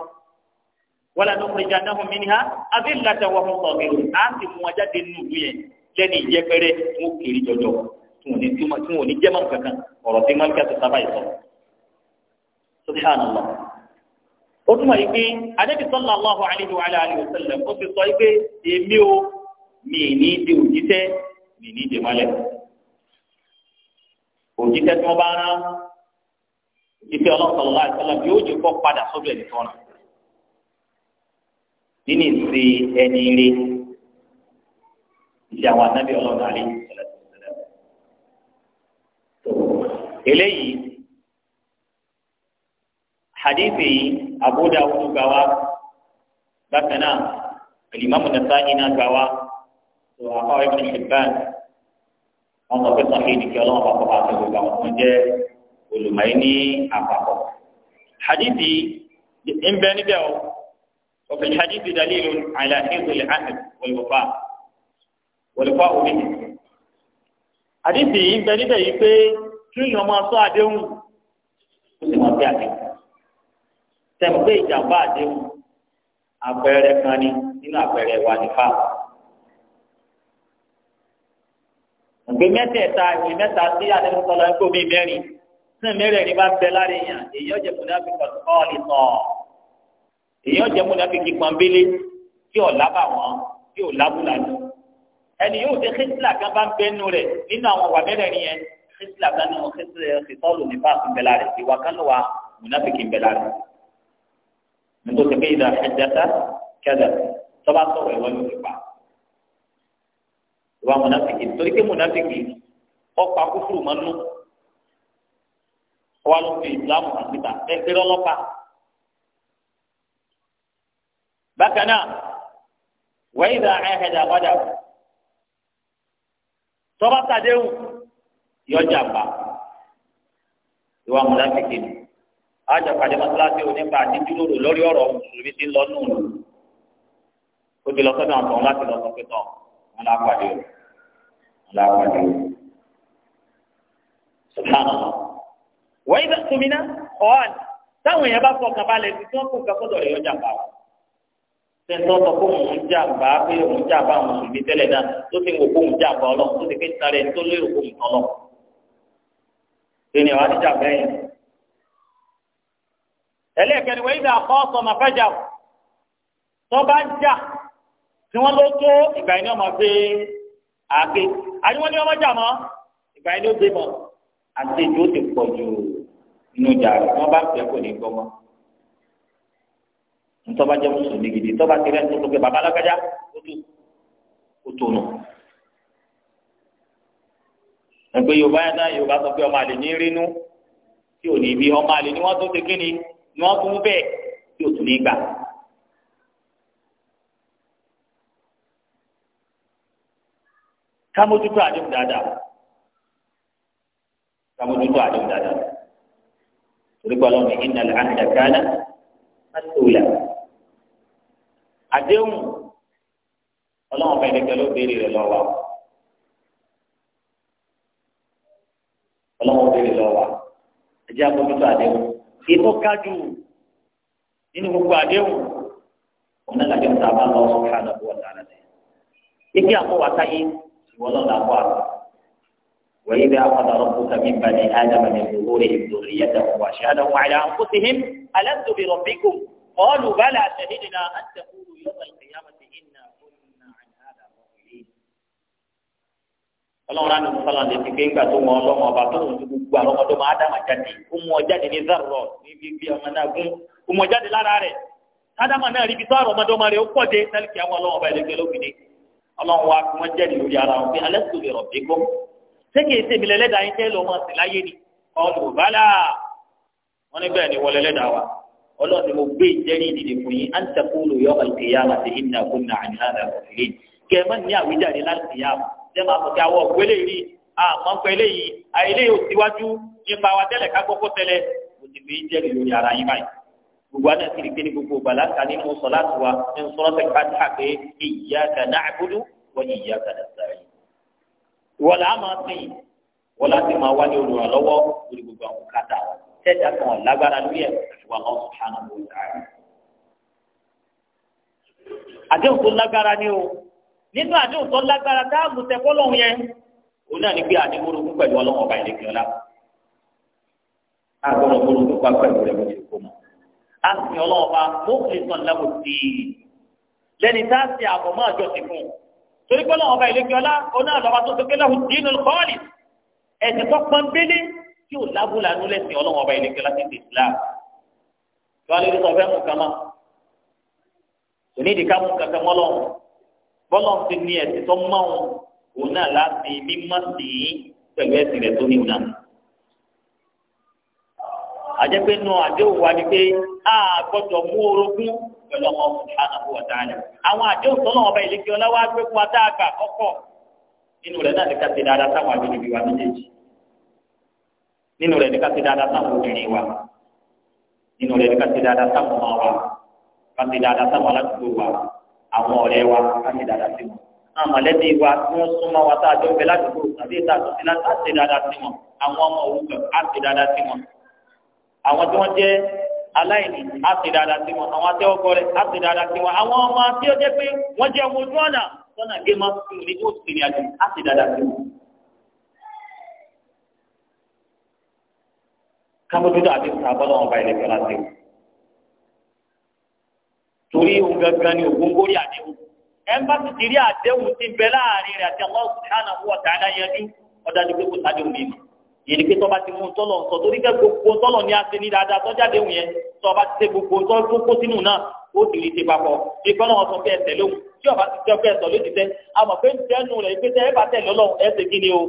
wọlé ní ọkùnrin jáde náà mìíràn àbí ìlàjà wọn fún sọgbìn á sì mú wọn jáde nínú ìlú yẹn lẹni ìjẹpẹrẹ wọn kiri jọjọ tí wọn ò ní jẹmọ kankan ọ̀rọ̀ tí wọn kẹsàn-án sábà yìí sọ ó túmọ̀ yìí pé Ànábì sallallahu alayhi wa alihi wa sallam ó ti sọ yìí pé èmi o mi ní de òjíṣẹ́ mi ní de mọ́lẹ̀ òjíṣẹ́ tí wọ́n bá rán òjíṣẹ́ Ọlọ́run sallallahu alayhi wa sallam yóò jẹ́ kó padà sọ́dọ̀ ẹni tọ́nà nínú ìsè ẹni rí ìṣe àwọn Ànábì Ọlọ́run àlejò sọlá eléyìí hadithi yìí Abu Dawud gbà wá bákan náà alimami Nasa'i náà gbà wá tó àfáwé Ibn Hibban wọn sọ pé sọfí ni kí Ọlọ́run bá kọ́ bá gbogbo àwọn tó olùmọ̀ẹ́ ní àpapọ̀ hadithi ń bẹ níbẹ̀ o وفي الحديث دليل على حفظ العهد والوفاء والوفاء به حديث yìí ń bẹ níbẹ̀ yìí pé kí èèyàn máa ṣọ́ àdéhùn ó sì máa fi àdéhùn tẹ̀m̀pé ìjàmbá àdéhùn àpẹẹrẹ kan ni nínú àpẹẹrẹ wà nípa. ìgbé mẹ́tẹ̀ẹ̀ta ìwé mẹ́ta sí àdéhùnsọ́lá ẹ̀kọ́ mi mẹ́rin náà mẹ́rin ní bá bẹ lára èèyàn èyí ọ̀jẹ̀ múná fi kọ̀ sọ́ọ̀lì sàn èyí ọ̀jẹ̀ múná fi kí pọ́nbélé tí ò lábà wọ́n tí ò lábùlà ní. ẹni yóò ṣe kíṣìlà kan bá ń bẹ nù rẹ̀ nínú àwọn wà mẹ́rẹ̀ẹ̀rin yẹn kíṣìlà kan ní wọn kíṣìlà kìtọ́ọ̀lù nípa àfihàn bẹ lára ìwà kan ló nítorí pé ìdá ẹ̀dáta kẹ́dà tọ́ba sọ̀rọ̀ ìwọ yóò fi pa ìwà mùnàfíkì torí pé mùnàfíkì ọ̀pá kúkúrú máa ń nù wà ló fi ìsìlámù hàn síta ẹgbẹ́ lọ́lọ́pàá bákan náà wọ́n ìdá ẹ̀hẹ̀dà padà tọ́ba sàdéhùn yọjà pa ìwà mùnàfíkì ni àjọ pàdé mọ́sálásí ò nípa àtijúròrò lórí ọ̀rọ̀ mùsùlùmí ti ń lọ nùnú ó ti lọ sọ́dọ̀ àtọ̀ láti lọ sọ pé tán wọn là pàdé o wọn là pàdé o subhanallah wọ́n ibà tómi ná ọ̀hán táwọn èèyàn bá fọkàn balẹ̀ tí wọ́n kó nǹkan sọ́dọ̀ rẹ̀ ọjà bá wa tẹ̀sán sọ pé òun jàǹbá pé òun jàǹbá àwọn mùsùlùmí tẹ́lẹ̀ náà tó ti wò pé òun jàǹbá ọlọ́run tó ẹlẹ́ẹ̀kẹ́ni wọ́n ìgbà kọ́ sọmọ fẹ́jà tó bá ń jà tí wọ́n ló tó ìgbà yìí ni ọmọ gbé àgbé àdéhùn ni ọmọ jà mọ́ ìgbà yìí ló gbé mọ́ àti ìjó ti pọ̀ ju inú jà rẹ̀ wọ́n bá ń fẹ́ kò ní gbọ́ mọ́ ntọ́ba jẹ́ mùsùlùmí gidi tọ́ba ti rẹ́ nítorí pé baba alágbájá ó tù nù. ẹgbẹ́ yorùbá yẹn náà yorùbá sọ pé ọmọ àlè ní rínú tí ò ní bí ọmọ àlè ni wọ́n tó ṣe kíni ni wọ́n tún bẹ́ẹ̀ tí o tún ní gbà. kámójútó àdéhùn dáadáa kámójútó àdéhùn dáadáa torí pé ọlọ́run yìí nàlẹ́ àdàkánná àtòlà àdéhùn ọlọ́run ọba ẹ̀dẹ́gbẹ́ ló béèrè rẹ̀ lọ́wọ́ ọlọ́run béèrè lọ́wọ́ ẹ̀jẹ̀ àmójútó àdéhùn ètò kájú nínú gbogbo àdéhùn ọ̀nà ìlàjọ tá a bá lọ sọ ká lọ wọ̀ dára sí. ike àkọwà táyé ìwọ náà là kọ́ àgbà. وإذا أخذ ربك من بني آدم من ظهورهم ذريتهم وأشهدهم على أنفسهم ألست بربكم قالوا بلى شهدنا أن تقولوا يوم ọlọ́run àná mùsàlá lè fi kéńgbà tó wọn ọlọ́mọ ọba tó wọn dúdú gbogbo àwọn ọmọdé máa dá máa jáde ó mú ọ jáde ní zarọ ní gbígbé ọmọ náà gún ó mú ọ jáde lára rẹ̀ ádámà náà rí ibi tó àrọ ọmọdé ọmọ rẹ̀ ó pọ̀ dé sẹ́lẹ̀kì àwọn ọlọ́run ọba ẹ̀lẹ́gbẹ́ lóbìnrin ọlọ́run wa kí wọ́n jẹ́rìí lórí ara wọn pé alẹ́ sùn lè rọ̀ bí gbọ́ ṣé kìí ṣe ìmìlẹ̀ lẹ́dàá yín tẹ́ lọ wọn jẹ́ máa sọ̀kẹ́ àwọ̀ ògbélé rí àmọ́ pé eléyìí àìlè yóò síwájú nípa wa tẹ́lẹ̀ ká gbọ́kọ́ tẹ́lẹ̀ kò sì fi jẹ́rìí lórí ara yín báyìí gbogbo àná sì rí kéde gbogbo bàlákà nínú sọ̀láàtì wa nínú sọ̀rọ̀tẹ̀ kájà pé iyyaka na'budu wa iyyaka nasta'in. wọ́lá á máa sìn wọ́lá sì máa wá ní olùrànlọ́wọ́ lórí gbogbo àwọn kàtà tẹ́jà kan lágbára lórí ẹ̀ wà lọ́wọ́ subhanahu wa ta'ala. àdéhùn tó lágbára ni o nínú àdéhùn tó lágbára tá a mú sẹ́kọ́ lọ́hùn yẹn òun náà ní pé àdéhùn pẹ̀lú ọlọ́wọ́ ọba ìlẹ́kẹ̀ ọ̀la agbọ́dọ̀ gbọ́dọ̀ pa pẹ̀lú rẹ̀ bó ti kó mọ́ a sì ọlọ́wọ́ ọba mọ́kùnrin lábò sí i lẹ́ni tá a ṣe àbọ̀ máa jọ sí fún un torí pé ọlọ́wọ́ ọba ìlẹ́kẹ̀ ọ̀la òun náà lọ́ba tó sọpé lọ́hùn dínú kọ́ọ̀lì ẹ̀sìn tó pọn bélé tí ò lábùlánú lẹ́sìn ọlọ́wọ́ ọba ìlẹ́kẹ̀ ọ̀la ti bọ́lá ń fi ní ẹ̀sìn tó mọ́ òun òun náà láti sí pẹ̀lú ẹ̀sìn rẹ̀ tó ní òun àjẹpẹ́ nu àdéhùn wa ni pé a gbọ́dọ̀ mú orogún pẹ̀lú ọmọ subhanahu wa ta'ala. àwọn àdéhùn tó náà ọba ìlẹ́kẹ́ ọlá fún wa tá a gbà kọ́kọ́ nínú rẹ̀ náà ní ká wa méjèèjì nínú rẹ̀ ní ká ti dáadáa sáwọn obìnrin wa nínú àwọn ọ̀rẹ́ wa ká ṣe dáadáa sí wọn àwọn mọ̀lẹ́bí wa tí wọ́n súnmọ́ wa tá a jọ ń bẹ ládùúgbò tàbí ìta àtúnṣe láti á ṣe dáadáa sí wọn àwọn ọmọ òwúkọ á ṣe dáadáa sí wọn àwọn tí wọ́n jẹ́ aláìní á ṣe dáadáa sí wọn àwọn atẹ́wọ́kọ rẹ̀ á ṣe dáadáa sí wọn àwọn ọmọ tí ó jẹ́ pé wọ́n jẹ́ ọmọ ojú ọ̀nà sọ́nà gé máa fi òní tó sì ní àjò á ṣe dáadáa sí wọn. kámọ́dúdú torí òun gangan ni ògún górí àdéhùn ẹnbàtì ti rí àdéhùn ti bẹ láàrin rẹ̀ àti Allah subhanahu wa ta'ala yanjú ọ̀dájú pé kò sádéhùn nínú yìí pé tọ́ba ti mú un tọ́lọ̀ sọ torí pé gbogbo tọ́lọ̀ ni a ti ní dáadáa tọ́jà déhùn yẹn tọ́ba ti ṣe gbogbo tọ́jú kó sínú náà ó ti rí ti papọ̀ bí kọ́nà wọn sọ pé ẹsẹ̀ lóhùn tí ọba ti tẹ́ ọpẹ́ ẹ̀sọ́ ló ti tẹ́ àmọ́ pé tẹ́nu rẹ̀ pé tẹ́ bá tẹ̀ lọ́lọ́ ẹsẹ̀ kí ni o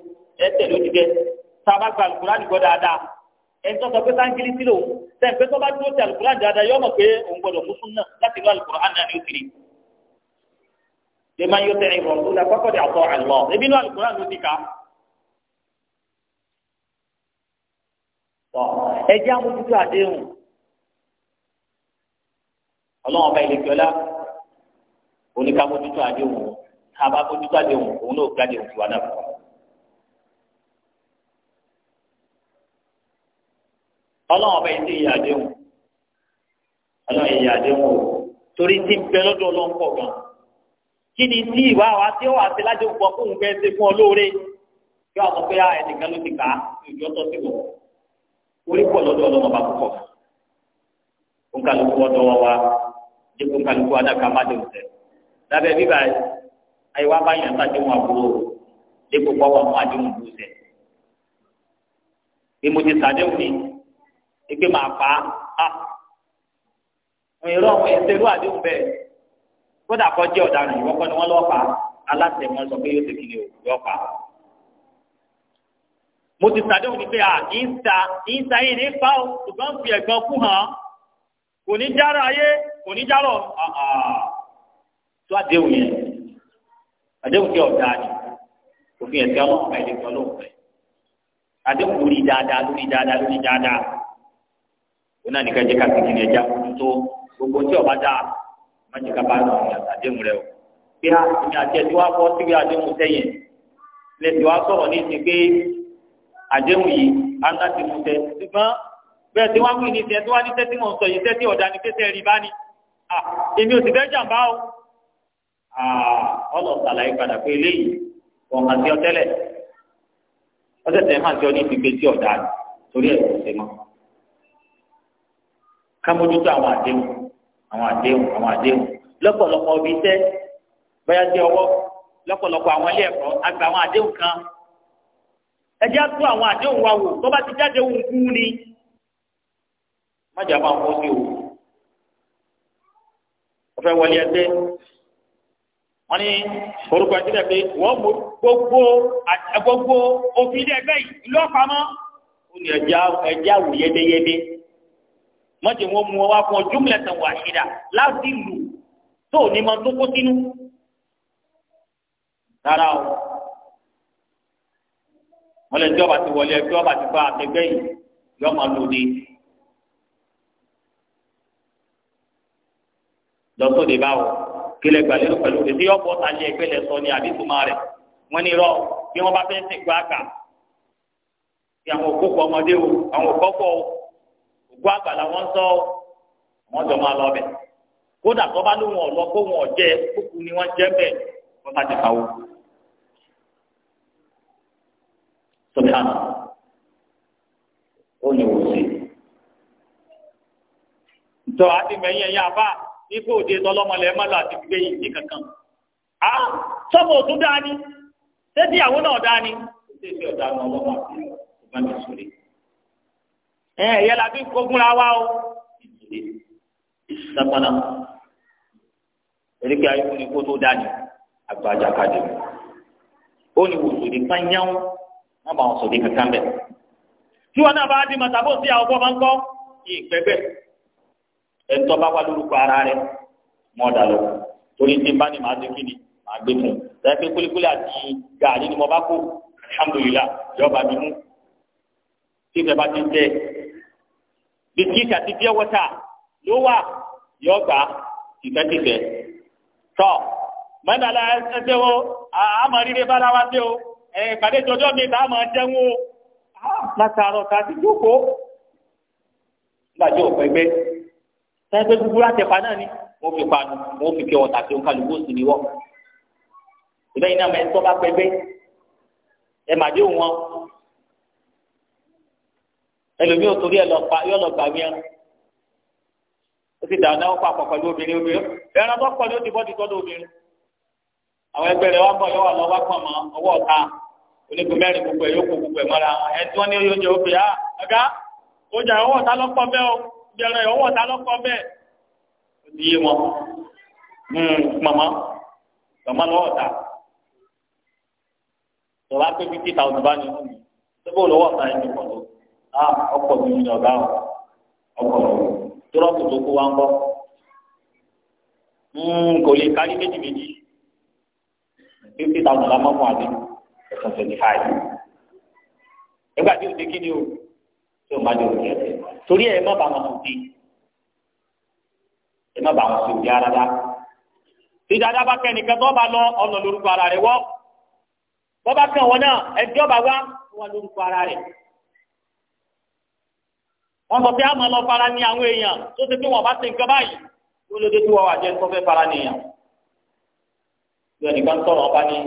ẹsẹ̀ ló ti tẹ́ tá a bá gba àlùkò láti gbọ́ dáadáa ẹni tó sọ pé sáńkìlì sílò sẹ́yìn pé tó bá dúró ti àlùkùrán dáadáa yọ mọ̀ pé òun gbọ́dọ̀ mú súnà láti lọ àlùkùrán náà ní òkiri. lèmi ayọ́ tẹ̀lé ìrọ̀rùn tó lápapọ̀ dé àtọ́ àlọ́ ebi inú àlùkùrán ló ti kà. ẹ jẹ́ amójútó àdéhùn ọlọ́run ọba ìlẹ̀kẹ́ọ́lá oníkàmójútó àdéhùn tá a àdéhùn òun náà gbádùn ìwà náà fún ọlọ́run ọba yìí ti yẹ àdéhùn ọlọ́run yìí yẹ àdéhùn o torí ti ń bẹ lọ́dọ̀ ọlọ́run gan tí ìwà wa tí ó wà sí lájọ pọ̀ kó ń ṣe fún ọ lóore kí wọ́n sọ pé ah, ẹnìkan ló ti kà á ìjọ ọba púpọ̀ ọdọ wa adaka má dé òtẹ lábẹ́ bíbá bá yàn wọn àbúrò ìpè máa pa á àwọn èrò àwọn ẹsẹ irú àdéhùn bẹ́ẹ̀ kódà kọjá ọ̀daràn ìwọ kọ́ ni wọ́n lọ́ọ́ pa aláṣẹ wọn sọ pé yóò ṣe kìlì òkú yọ pa. mo ti sàdéhùn ní pé à ìta ìta yìí ní pa ó ṣùgbọ́n fi ẹ̀gbọ́n kú hàn kò ní jára ayé kò ní járọ̀ tó àdéhùn yẹn àdéhùn tí ọ̀dà ni òfin ẹ̀sẹ̀ ọlọ́run ẹ̀dẹ̀gbọ́n lóun fẹ́ àdéhùn lórí dáadáa lórí dáadáa lórí dáadáa iná nìkan jẹ́ ká kékeré ní ẹja tó gbogbo tí ọba dáa má jẹ́ ká bá lọ ní àdéhùn rẹ o pé a ah, ìyẹn àti ẹ̀ tí wàá fọ́ síbi àdéhùn sẹ́yìn lè tí wàá sọ̀rọ̀ ní ti pé àdéhùn yìí á ń láti mú tẹ ṣùgbọ́n bẹ́ẹ̀ tí wàá wí ní tiẹ̀ tí wàá ní tẹ́tí mọ̀ ń sọ yìí tẹ́tí ọ̀dà ni pé sẹ́ẹ̀rì bá ní ah, èmi ò sì fẹ́ jàǹbá o ah, ọlọ́ọ̀tàlá yìí padà pé eléyìí wọ́n hàn sí ọ tẹ́lẹ̀ ọ tẹ̀sẹ̀ hàn ní ti gbé sí ọ̀dà torí ẹ̀ kò ṣe mọ́ ká mójútó àwọn àdéhùn àwọn àdéhùn àwọn àdéhùn lọ́pọ̀lọpọ̀ ibi iṣẹ́ bóyá dé ọwọ́ lọ́pọ̀lọpọ̀ àwọn ilé ẹ̀kọ́ àgbà àwọn àdéhùn kan ẹ jẹ́ àtú àwọn àdéhùn wa wò tó bá ti jáde òun kú ni májà máa fọ́ sí o ọ̀fẹ́ wọlé ẹgbẹ́ wọ́n ní orúkọ ẹ̀sílẹ̀ pé wọ́n mú gbogbo gbogbo òfin ilé yìí lọ́pàá mọ́ ó ní ẹ̀já ẹ̀já wò yẹ́dẹ́yẹ́dẹ́ mọ̀jẹ̀ wọn mú wa fún ọjọ́ mẹ́tàn wà ṣídà láti lù tó ní ma tó kó sínú. rárá o wọn lè tí ọba ti wọlé ẹgbẹ́ ọba ti bá akẹgbẹ́ yìí yọ ọmọ lòdì. lọ́sọ̀ lè báwọ̀ kílẹ̀ gbàlérò pẹ̀lú èdè ọ̀pọ̀ tàlẹ́ ẹgbẹ́ lẹ sọ ni àbí tuma rẹ̀ wọ́n ní rọ bí wọ́n bá fẹ́ sìn àgbà bí àwọn òkú ọmọdé o àwọn òkú ọkọ̀ o. òkú agbala làwọn sọ wọn jọ máa lọ bẹ kódà tó bá lóun ọlọ kó wọn jẹ kókù ni wọn jẹ bẹ wọn bá ti ó ní a òtún dání náà dání. ó ṣe ọ̀dà ẹ ẹ̀yẹ la fi ń kógun ra wa o sàgbọ́nà erékè ayélujára ni kó tó dání àgbàjà kadì ó ní wòsòdì kányáwó wọn bá wọn sòdì kankan bẹ tí wọn náà bá di màtàbó sí àwọn ọmọ ńkọ kí ìgbẹgbẹ ẹ̀tọ́ bá wà lórúkọ ara rẹ mọ ọdà lọ torí tí n bá ní màá ti kí ni màá gbé fún un lẹ́yìn pé kúlíkúlí àti gàrí ni mo bá kó alhamdulilah yọba mi mú tí ìfẹ́ bá ti tẹ́ biskit àti pure water ló wà yọ gbà tìfẹ́tìfẹ́ tọ́ mẹ́tàlá ẹsẹ̀ wo àmọ́ rírẹ́ bára wa dé o ìpàdé jọjọ́ mi bá máa jẹun o látàárọ̀ ta ti jókòó gbàjọ́ òpẹ́ gbé sẹ́gbẹ́ gbogbo àtẹ̀pá náà ni mo fi panu mo fi kí ọ̀tà kí n kálukú sí ni wọ́ ìbẹ́yìn náà mẹ́tọ́ bá pẹ́ gbé ẹ̀ màdé wọn ẹlòmíì ò torí ẹ lọ pa yọ lọ gbà mí ẹ ó sì dáná ó papọ̀ pẹ̀lú obìnrin obìnrin ẹran tó pọ̀ ní ó ti bọ́ ti tọ́jú obìnrin àwọn ẹgbẹ́ rẹ̀ wá bọ̀ yọ wà lọ́wọ́ pọ̀ mọ́ ọwọ́ ọ̀ta onígun mẹ́rin gbogbo ẹ̀ yóò kó gbogbo ẹ̀ mọ́ra ẹ̀ tí wọ́n ní oúnjẹ ó pè á ah, ọ̀gá oúnjẹ ọwọ́ ọ̀ta lọ́pọ̀ bẹ́ẹ̀ o ìbẹ̀rẹ̀ ọwọ́ ọ̀ta lọ́pọ̀ bẹ́ẹ̀ o ti yé wọn mọ̀mọ́ mọ̀mọ́ lọ́wọ́ ọ̀ta tọ́wá pé fifty thousand bá ní ìlú mi tó bó lọ́wọ́ ọ̀ta ẹ̀ ní pọ̀ tó a ah, ọkọ̀ mi ní ọ̀gá o ọkọ̀ mi tírọ́pù tó kó wa ń bọ̀ hmm, kò lè kárí méjì méjì fifty thousand la mọ̀ fún ẹ̀sán twenty five nígbà tí o ti kí ni o tí o máa di òkè ẹ̀sẹ̀ torí ẹ̀ má bàa wọn sùn sí ẹ̀ má bàa wọn sùn sí rárá tí dáadáa bá kẹ́ tó bá lọ ọ̀nà lórúkọ ara rẹ̀ wọ́ bọ́ bá kẹ́ wọn náà ẹ̀jọ́ bá wá wọn lórúkọ ara rẹ̀ wọ́n sọ pé àmọ́ lọ fara ní àwọn èèyàn tó ṣe pé wọ́n bá ṣe nǹkan báyìí tó lóde tí wọ́n wà jẹ́ tó fẹ́ fara nìyàn. bí ẹnìkan sọ̀rọ̀ ọba ní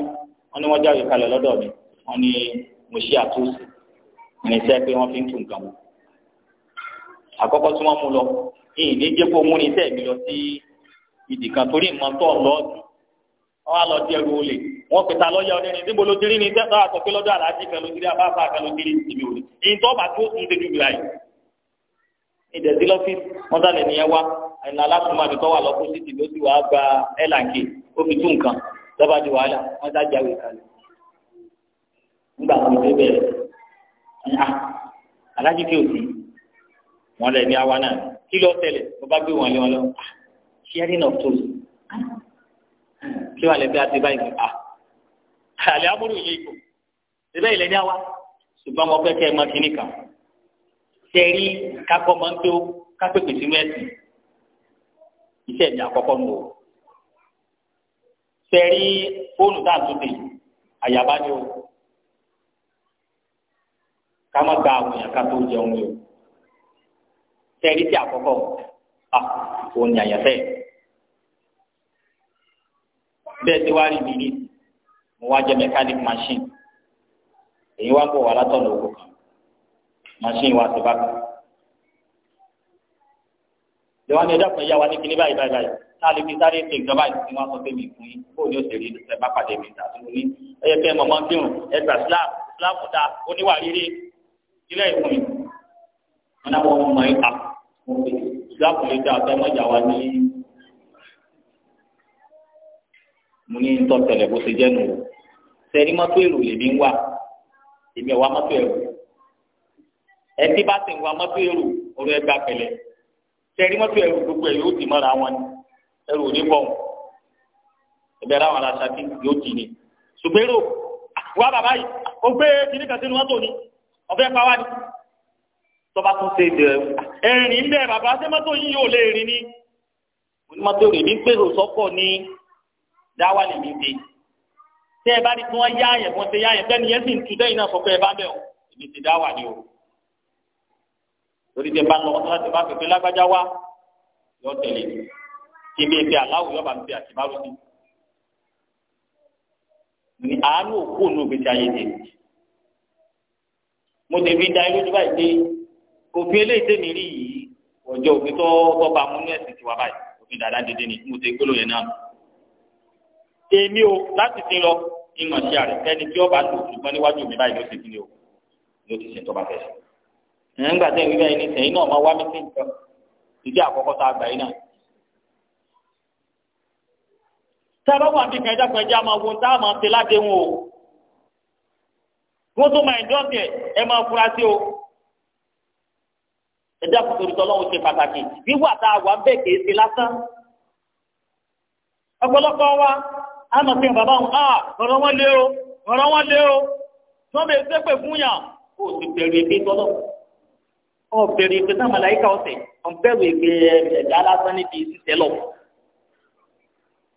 wọ́n ní wọ́n jáwé kalẹ̀ lọ́dọ̀ mi wọ́n ní mo ṣe àtúnṣe ní iṣẹ́ pé wọ́n fi ń tún nǹkan wọn. àkọ́kọ́ tí wọ́n mú lọ ní jẹ́ mú ní iṣẹ́ mi lọ sí ìdì kan torí ìmọ̀tọ́ lọ́ọ̀dù wọ́n á lọ di ẹrù olè wọ́n pè ta lọ́yà ọdẹ ní níbo ló dirí ní iṣẹ́ tó àtọ̀ pé lọ́dọ̀ àlàájì kan abáfà kan ló dirí òní. ìyìn tó bá ìdẹ̀sí lọ́fíìsì wọ́n sálẹ̀ nìyẹn wá ẹ̀nà alásùnmọ́ àbíkọ́ wà lọ́kùn sí tìbí ó sì wàá gba ẹ̀làǹkì ó fi tún nǹkan lọ́ba di wàhálà wọ́n sá jáwé kalẹ̀ nígbà tó dé bẹ̀rẹ̀ ẹ̀yà ah, alájí kí o sí wọn lẹ̀ ní awa náà kí lọ́ọ́ tẹ̀lẹ̀ mo bá gbé wọn lé wọn lọ ah, sharing of tools kí wàá lẹ bí a ti báyìí ah àlẹ́ amúlò ilé ìkó ìbẹ́ ilẹ̀ ní awa ṣùgbọ́n mo fẹ́ kẹ́ ẹ tẹ̀rí kakọ́ máa ń tó kápẹ́ pèsè mẹ́sì iṣẹ́ ìjà àkọ́kọ́ nù o tẹ̀rí fóònù tá a tún dè àyàbá ni o ká má gba àwọn èèyàn ká tó jẹun ni o tẹ̀rí ti àkọ́kọ́ a òun ni àyàfẹ́ bẹ́ẹ̀ tí wàá rí mi ní mo wá jẹ mechanic machine èyí wá bọ̀ wá látọ̀nà òkú kan machine wa ti ba ìjọba ni ẹjọ́ kan yá wa ní kíní báyìí báyìí báyìí náà lè fi sáré ṣe ìjọba yìí tí wọ́n sọ pé mi fún yín kó ní òṣèré ní sẹ́ẹ̀ bá pàdé mi tà fún mi ẹ yẹ kí ẹ mọ̀ mọ́ kírun ẹ gbà slab slab ọ̀dà oníwà rírí ilé ìfún mi wọn náà wọ́n mọ̀ ẹ́ kà lè dá ọ̀tẹ́ mọ́jà wa ní mo ní tọ́tẹ̀lẹ̀ bó ṣe jẹ́ nù sẹ́ẹ̀rí mọ́tò èrò lèmi ń wà èmi ọ̀wá mọ́tò èrò ẹtí bá sì ń wa mọ́tò ẹrù orí ẹgbà pẹ̀lẹ́ tẹ̀rí mọ́tò ẹrù gbogbo ẹ̀ yóò ti mọ́ra wọn ni ẹrù òní bọ̀ ìbẹ̀rẹ̀ àwọn aláṣàkí yóò ti ní. ṣùgbẹ́rò wá bàbá yìí ó gbé kíní kan sínú mọ́tò ni ọ̀fẹ́ pa wá ni tọ́ba tún ṣe ìdè ẹ̀rìn ń bẹ̀ bàbá ṣé mọ́tò yìí yóò lè rìn ni. mọ́tò rè mí gbèrò sọ́kọ̀ ní dáwà lè mí dé tẹ́ ẹ bá rí kí wọ́n yá àyẹ̀fọ́n ni torí tẹ bá lọ ọtọlá tẹ bá pèpè lágbájá wá yọ tẹlẹ kí mi bẹ aláwọ yọba mi bẹ àtìmárù sí ní àánú òkú ònú ògbésí ayé tẹ mo ti fi da ilé ojú báyìí pé òfin eléyìí tẹ̀mí rí yìí ọjọ́ òfin tó tọ́ba múnú ẹ̀sìn tiwa báyìí òfin dàda dédé ni mo ti gbóló yẹn náà èmi o láti fi lọ ìmọ̀ sí àrẹ̀ ẹni tí ọba lò ṣùgbọ́n níwájú mi báyìí ló ti fi ni o ló ti ṣe tọ́ba fẹ́ sí nígbà tẹ́ ìwé bẹ́ẹ̀ ni sẹ́yìn náà máa wá mí sí nǹkan ìdí àkọ́kọ́ tá a gbà yín náà. sábà wà bí máa wo tá a máa ṣe ládéhùn o wọ́n tó máa ẹ̀jọ́ tiẹ̀ ẹ máa fura sí o ṣe pàtàkì wíwà a wà bẹ́ẹ̀ kìí ṣe lásán a sí bàbá ah, o ọ̀rọ̀ wọn lé o wọn bẹ̀rù ìpè náà màláyíkà ọ̀sẹ̀ wọn bẹ̀rù ìpè ẹ̀dá lásán níbi ìsísẹ́ lọ.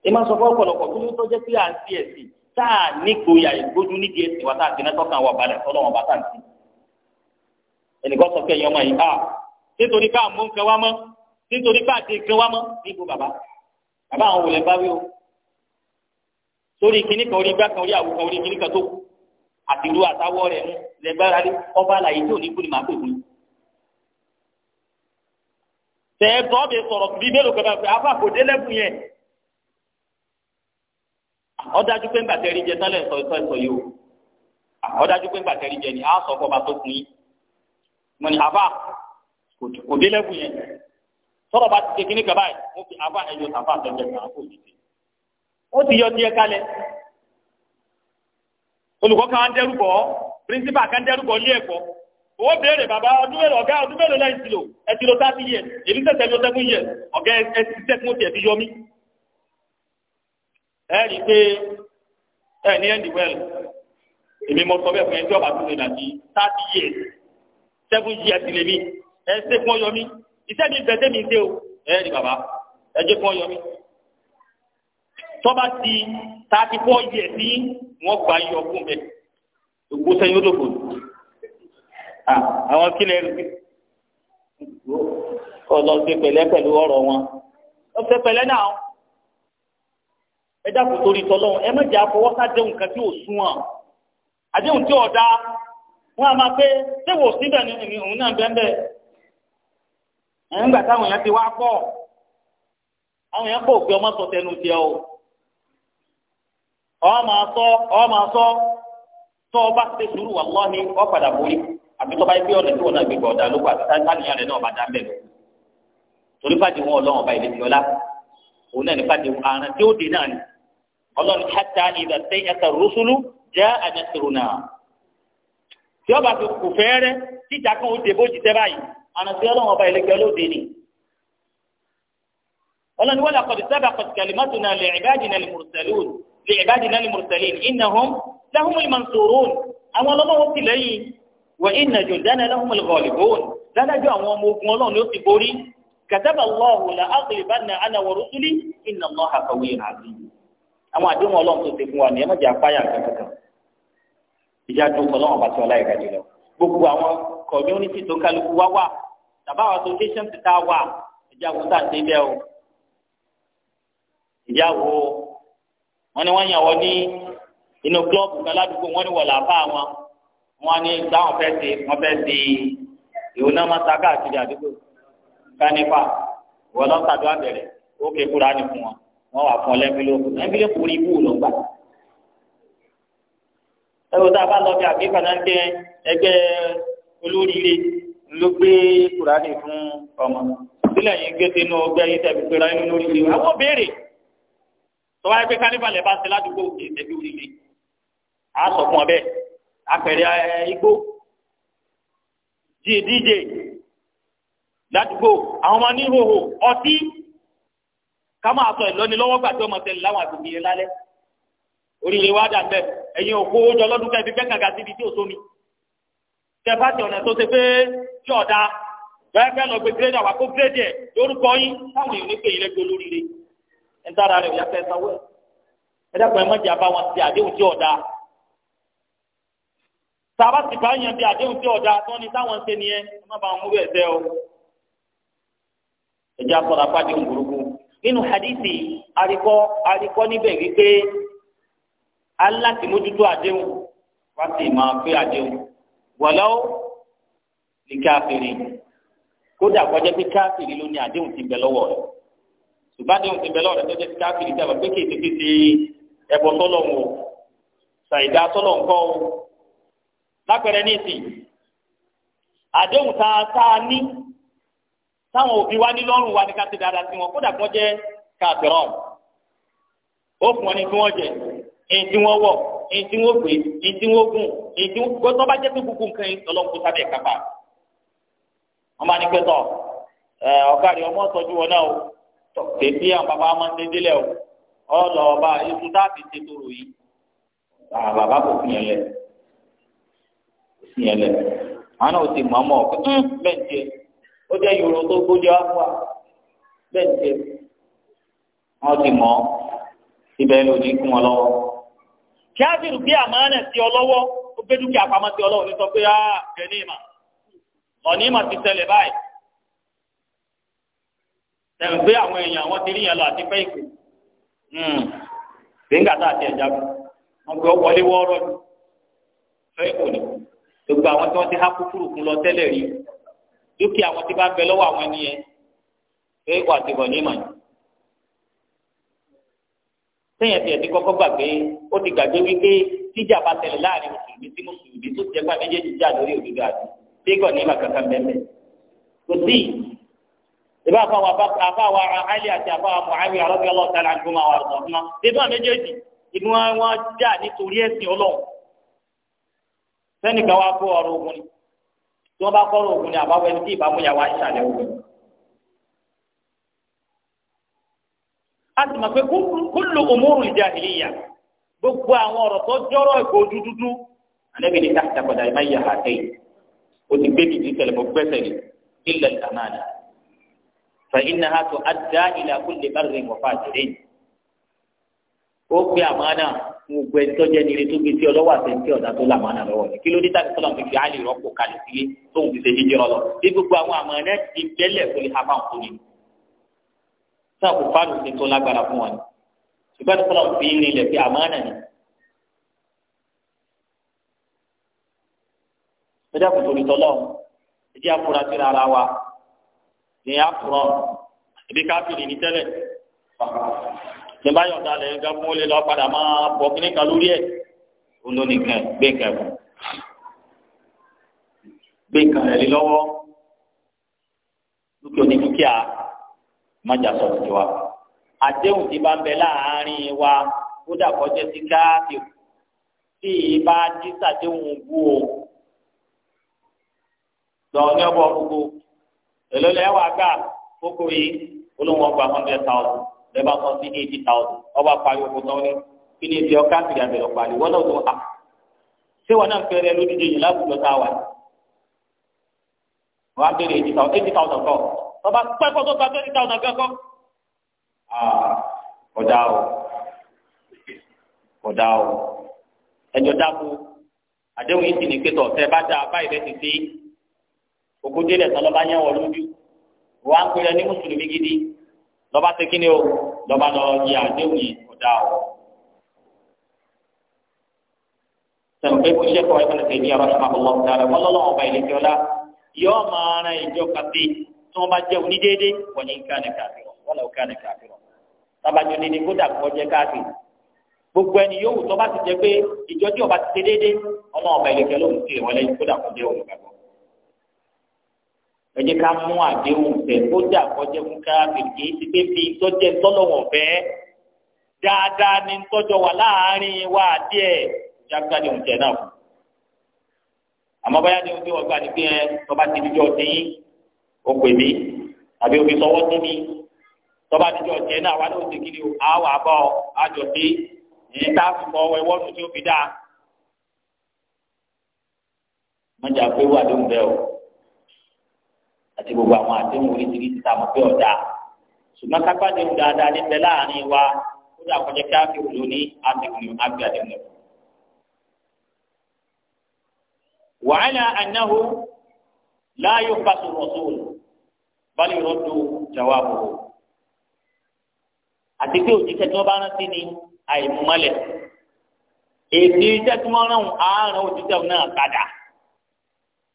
ẹ máa sọ fún ọ̀pọ̀lọpọ̀ tó ní tó jẹ́ pé à ń sí ẹ̀sìn tá a nígboyà ìgbójú nídìí ẹ̀sìn wa tá a ti náà tọ́kàn wà balẹ̀ sọ́dọ̀ wọn bá tà sí. ẹnìkan sọ kẹ́yìn ọmọ yìí a nítorí pé àmú nǹkan wá mọ́ nítorí pé àti nǹkan wá mọ́ nígbò bàbá bàbá àwọn wòlẹ̀ bá wí o sórí kíní kan orí gbá kan orí àwò orí kíní kan tó kù àtìlú àtàwọ̀ rẹ̀ mú lẹ́gbẹ́rẹ́ ọba àlàyé tí ò ní kú ni màá pè fún yìí. tẹ ẹ tọ́ bẹ sọ̀rọ̀ bíi mélòó kan báyìí afa kò dé lẹ́kùn yẹn ọdájú pé ńgbàtẹ́rì jẹ tẹ́lẹ̀ sọ ìsọ ìsọ yìí o ọdájú pé ńgbàtẹ́rì jẹ ni a sọ fọba tó kun yín mo ní afa kò dé afa sàn yìí ó ti yọ kan á ó béèrè bàbá ọdún mélòó ọ̀gá ọdún mélòó lẹ́yìn tìlò ẹtìlò thirty years èmi tẹ̀sẹ̀ ló seven years ọ̀gá ẹtì sẹ́kùn tiẹ̀ ti yọ mí. ẹ rí i pé ẹ ní end well èmi mo sọ bẹ́ẹ̀ fún ẹjọ́ bàbá mi nàbí thirty years seven years lè mi ẹ sẹ́kùn ọyọ mi iṣẹ́ mi bẹ̀ẹ́ mi ṣe o ẹ rí bàbá ẹ jẹ́ fún ọyọ mi tọ́ba ti thirty four years ní wọ́n gba iye ọkùn bẹ́ẹ̀ àwọn kílẹ̀ rí ọlọ ṣe pẹ̀lẹ́ pẹ̀lú ọ̀rọ̀ wọn ó ṣe pẹ̀lẹ́ náà ẹ dákun torí tọlọ́run ẹ mọ̀jẹ̀ afọwọ́sá kan tí ò sunwọ̀n àdéhùn tí ọ̀dá wọn a máa pé ṣé wò síbẹ̀ ni òun náà bẹ́ẹ̀ ti wá pọ̀ ọmọ o ọ máa sọ sọ tọ́ ọ bá sùúrù ọ padà borí. àbí tọ́ba yìí pé ọ̀nà tí wọn náà gbégbá ọ̀dà ló kọ àti sáníyàn rẹ náà bá dá bẹ́ẹ̀ torí fàdí wọn ọlọ́run ọba ìlẹ́sìn ọlá òun náà ní fàdí àrùn tí ó dé náà ni ọlọ́run hátà ìdá sẹ́yìn ẹ̀sẹ̀ rúṣúlù jẹ́ àjẹsìrò náà tí ọba fi kù fẹ́ẹ́rẹ́ tíjà kan ó dé bó tẹ́ báyìí àrùn tí ọlọ́run ọba ìlẹ́sìn ọlá dé ni wa inna jundana lahumul ghalibun dádájọ́ àwọn ọmọ ogun ọlọ́run ló ti borí kataba Allahu la aghlibanna ana wa rusuli inna Allaha qawiyyun aziz àwọn àdéhùn ọlọ́run tó ti fún wa ní ẹ má jẹ́ kankan ìjà tó kọ́ lọ́wọ́ bá ti ọlá ìrẹ́ jùlọ gbogbo àwọn community tó kálukú wá wà tàbá association ti tá wà ìjà wo sáà ti bẹ́ẹ̀ o ìjà wo wọ́n ní wọ́n yàn wọ́n ní inú club kan ládùúgbò wọ́n ní wọ̀ wọn ni gbá wọn fẹ́ ṣe wọn fẹ́ ṣe ìwọ náà máa ta káàkiri àdúgbò kánífà wọn lọ sàdó àbẹ̀rẹ̀ ó ké kúra ní fún wọn wọn wà fún ẹlẹ́bílẹ́kù ẹlẹ́bílẹ́kù rí ibú ló ń gbà. ẹ wò tá a bá lọ bí àbíkà náà ń kẹ ẹgbẹ́ olóríire ló gbé kúra ní fún ọmọ sílẹ̀ yìí gbé sínú ọgbẹ́ yìí tẹ̀sí pé ra inú àwọn béèrè tọ́wá ẹgbẹ́ kánífà lẹ́ bá ṣe ládùúgbò ètè bí oríire àá sọ fún ọ bẹ́ẹ̀ apẹ̀rẹ̀ igbó dj ládùúgbò àwọn ọmọ níhòòhò ọtí ká máa sọ ìlọ́ni lọ́wọ́ gbà tí ọmọ tẹ̀lé láwọn àgbègbè yẹn lálẹ́ oríire wa dà bẹ́ẹ̀ ẹ̀yin òkú jọ lọ́dún kẹ́ẹ̀ fi fẹ́ kàkà síbi tí ò sómi tẹ́ bá ti ọ̀nà tó ṣe pé tí ọ̀dà bẹ́ẹ̀ fẹ́ lọ gbé gírẹ́dà wá kó gírẹ́dì ẹ̀ lórúkọ yín táwọn èèyàn nípe yìí lẹ́gbẹ̀ẹ́ olóríire ẹ̀ ń tára rẹ̀ yàtọ̀ ẹ̀ sanwó ẹ̀ ẹ̀ dẹ́kun ẹ̀ mọ̀jà tàbá sì bá yàn bí àdéhùn tí ọ̀dà tó ní táwọn ń ṣe nìyẹn má bàa mú bẹ́ẹ̀ sẹ́ o. ẹ jẹ́ àtọ̀rọ̀ apáde òǹgòrògò nínú hadithi arikọ́ arikọ́ níbẹ̀ wípé alátìmójútó àdéhùn wá sí máa pé àdéhùn wọ̀lọ́ ní káfíìrì kódà kọjá pé káfíìrì ló ní àdéhùn ti bẹ lọ́wọ́ rẹ̀ ṣùgbọ́n àdéhùn ti bẹ lọ́wọ́ rẹ̀ tó jẹ́ káfíìrì tẹ̀ wọ́n pé kì í ti ẹ̀bọ̀ tọ́lọ̀ lápẹẹrẹ ní ìsìn àdéhùn tá a tá ní táwọn òbí wa ní lọ́rùn wa ní ká ti dáadáa sí wọn kódà kí wọ́n jẹ́ káàtìrọ̀ ó fún wọn ní kí wọ́n jẹ èyí tí wọ́n wọ̀ èyí tí wọ́n gbé èyí tí wọ́n gùn èyí tí wọ́n tó bá jẹ́ pé kúkú nǹkan yìí kó sábẹ́ kápá wọ́n bá ní pẹ́ tọ̀ ọ̀gá rẹ̀ ọmọ sọ́jú wọn náà o tètè àwọn bàbá máa ń dé délẹ̀ o ọlọ́ọ̀bá ètò táàbì ṣètò rò yìí bàbá kò fi yẹn lẹ̀ yẹn lẹ náà ti mọ̀ ọmọ ọ̀pẹ hmm, bẹ́ẹ̀ tiẹ̀ ó jẹ́ yòrò tó gbójú àpò bẹ́ẹ̀ tiẹ̀ ti ló ní ọ kí á sì bí sí ọ lọ́wọ́ ó gbé dúkìá pamọ́ sí ọ lọ́wọ́ ah, ti báyìí. pé àwọn èèyàn wọn ti rí yẹn lọ àti pé hmm. wọn gbogbo àwọn tí wọ́n ti há kúkúrú kún lọ tẹ́lẹ̀ rí dúkìá wọn ti bá bẹ lọ́wọ́ àwọn ẹni yẹn pé wà á ti bọ̀ ní ìmọ̀ yìí. sẹ́yìn tiẹ̀ ti kọ́kọ́ gbàgbé ó ti gbàgbé wípé tíjà bá tẹ̀lé láàrin mùsùlùmí sí mùsùlùmí tó jẹ́ pàdé méjèèjì jà lórí òdodo àti tẹ́gọ̀ ní ìmọ̀ kankan bẹ́ẹ̀ kò sí ìbá àfàwà àfàwà àhálì àti àfàwà mùhàmì àrọ́bí ọlọ́ọ̀tà làǹdùmá wà lọ́sọ̀ọ́nà ìbá sẹ́nìkan wá kó ọ̀rọ̀ ogun ni tí wọ́n bá kọ́ ọ̀rọ̀ ogun ni àbáwọ̀ ẹni tí ìbámu yà wá ìṣàlẹ̀ ogun. a sì mọ̀ pé kúlù òmùrù ìjàhìlìyà gbogbo àwọn ọ̀rọ̀ tó jọ́rọ̀ ẹ̀kọ́ dúdúdú àlẹ́bí ni káàkiri àgbàdà ìmá yà á tẹ̀yìn o ti gbé kìkì tẹ̀lé mo gbẹ́sẹ̀ ní ilẹ̀ ìtàmáàdà fa iná ha tó adá ilẹ̀ akúlẹ̀ bá rẹ̀ mọ̀ fà gbogbo ẹni tọ́jú ẹni rẹ tó gbé sí ọ lọ́wọ́ àti ẹni ọ̀dà tó là máa nà lọ́wọ́ rẹ kí ló dé tàbí sọ́lá fi fi àlè rọ́pò kalẹ̀ sílé tóun fi ṣe jíjẹ́ ọ lọ bí gbogbo àwọn àmọ́ ẹ̀ náà ti bẹ́lẹ̀ kó lè hapá òkú ni. sáà kò fáàlù ti tó lágbára fún wọn ṣùgbọ́n sọ́lá fi ń rinlẹ̀ pé àmọ́ nà ni. ẹjẹ́ kò tóbi tọ́lọ́ ẹjẹ́ àfúrá sí ara wa ní àfúrọ̀ ẹbí káfíìn ní tẹ́lẹ̀ tí n bá yọ̀ǹda lẹ̀ nǹkan fún olè lọ padà máa bọ̀ kíní kan lórí ẹ̀ olónìkan gbé nǹkan fún gbé nǹkan rẹ̀ lé lọ́wọ́ dúkìá ní dúkìá má jà sọ ti wa àdéhùn ti bá ń bẹ láàárín wa kódà kọjá sí káàkiri tí ìbá dí sàdéhùn bú o lọ ní ọbọ gbogbo èlò lẹ́wàá gbà kókó yìí olóhùn ọgbà hundred thousand ẹ bá kọ́ sí eighty thousand ọba parí oko tán ní kí ni ti ọkọ àti ìyàbẹ̀ lọ parí wọ́n náà tó a ah, ṣé wọn náà fẹ́rẹ̀ lódìdí yìí láwùjọ tá a wà ní. wọ́n á béèrè eighty thousand eighty thousand kọ́ ọba pẹ́kọ́ tó gba thirty thousand kẹ́kọ́. Ah, ọ̀dà o ọ̀dà o ẹjọ́ dáko àdéhùn yìí ti ní pé tọ̀tẹ́ bá dáa báyìí rẹ ti sí ogójì rẹ̀ tọ́lọ́ bá yẹn wọ̀ lójú wọ́n á pèrè ní mùsùlùmí gidi lọ́ba ti kí ni o lọ́ba lọ yí àdéhùn yìí kò dáa o. sẹ̀ǹpé kò ṣe kọ́ ẹ̀kọ́ tẹ̀lé ọ̀rọ̀ ṣàmàbọ̀lọ́ dára wọ́n lọ́wọ́ ọba ìlẹ́kẹ́ ọ̀la yóò máa ran ìjọ kàtí tí wọ́n bá jẹ́ òní déédéé wọ́n ní ká ní kàfírọ̀ wọ́n lọ́wọ́ ká ní kàfírọ̀ tábàjọ ní ni kódà kọ́ jẹ́ káàkiri gbogbo ẹni yóò wù tó bá ti jẹ pé ìjọ tí ọba ti ṣe déédéé ọlọ́wọ́ ọba ìlẹ́kẹ́ ló ń ẹ ká mú àdéhùn tẹ ó dà kọjá fún káfíìn kì í ti pé fi tọjẹ tọlọwọ fẹ dáadáa ní tọjọ wà láàárín wa díẹ̀ jágbá ni òun náà fún àmọ́ báyà ni ojú ọgbà ni pé tọba ti dijọ dín o pè mí àbí omi sọwọ dín mi tọba dijọ jẹ náà wà lóun ti kiri o àwọn àbọ àjọ dín ní tá a fi mọ ọwọ́ ẹwọ́nù tí ó fi dáa. mọ̀jà pé wà lóun bẹ́ẹ̀ o àti gbogbo àwọn àdéhùn oríṣiríṣi tá a mọ̀ pé ọ̀dà ṣùgbọ́n kápá ni dáadáa níbẹ̀ láàrin wa ó dà kọjá kí á fi òdo ní àdéhùn àbí àdéhùn. wàhálà ànáhó láàyò pàṣẹ rọ̀ṣọ́ọ̀lù bali rọ́dù jawabu àti pé òjíṣẹ́ tí bá rántí ni àìmọ́lẹ̀ èdè iṣẹ́ tí wọ́n rán àárọ̀ òjíṣẹ́ náà padà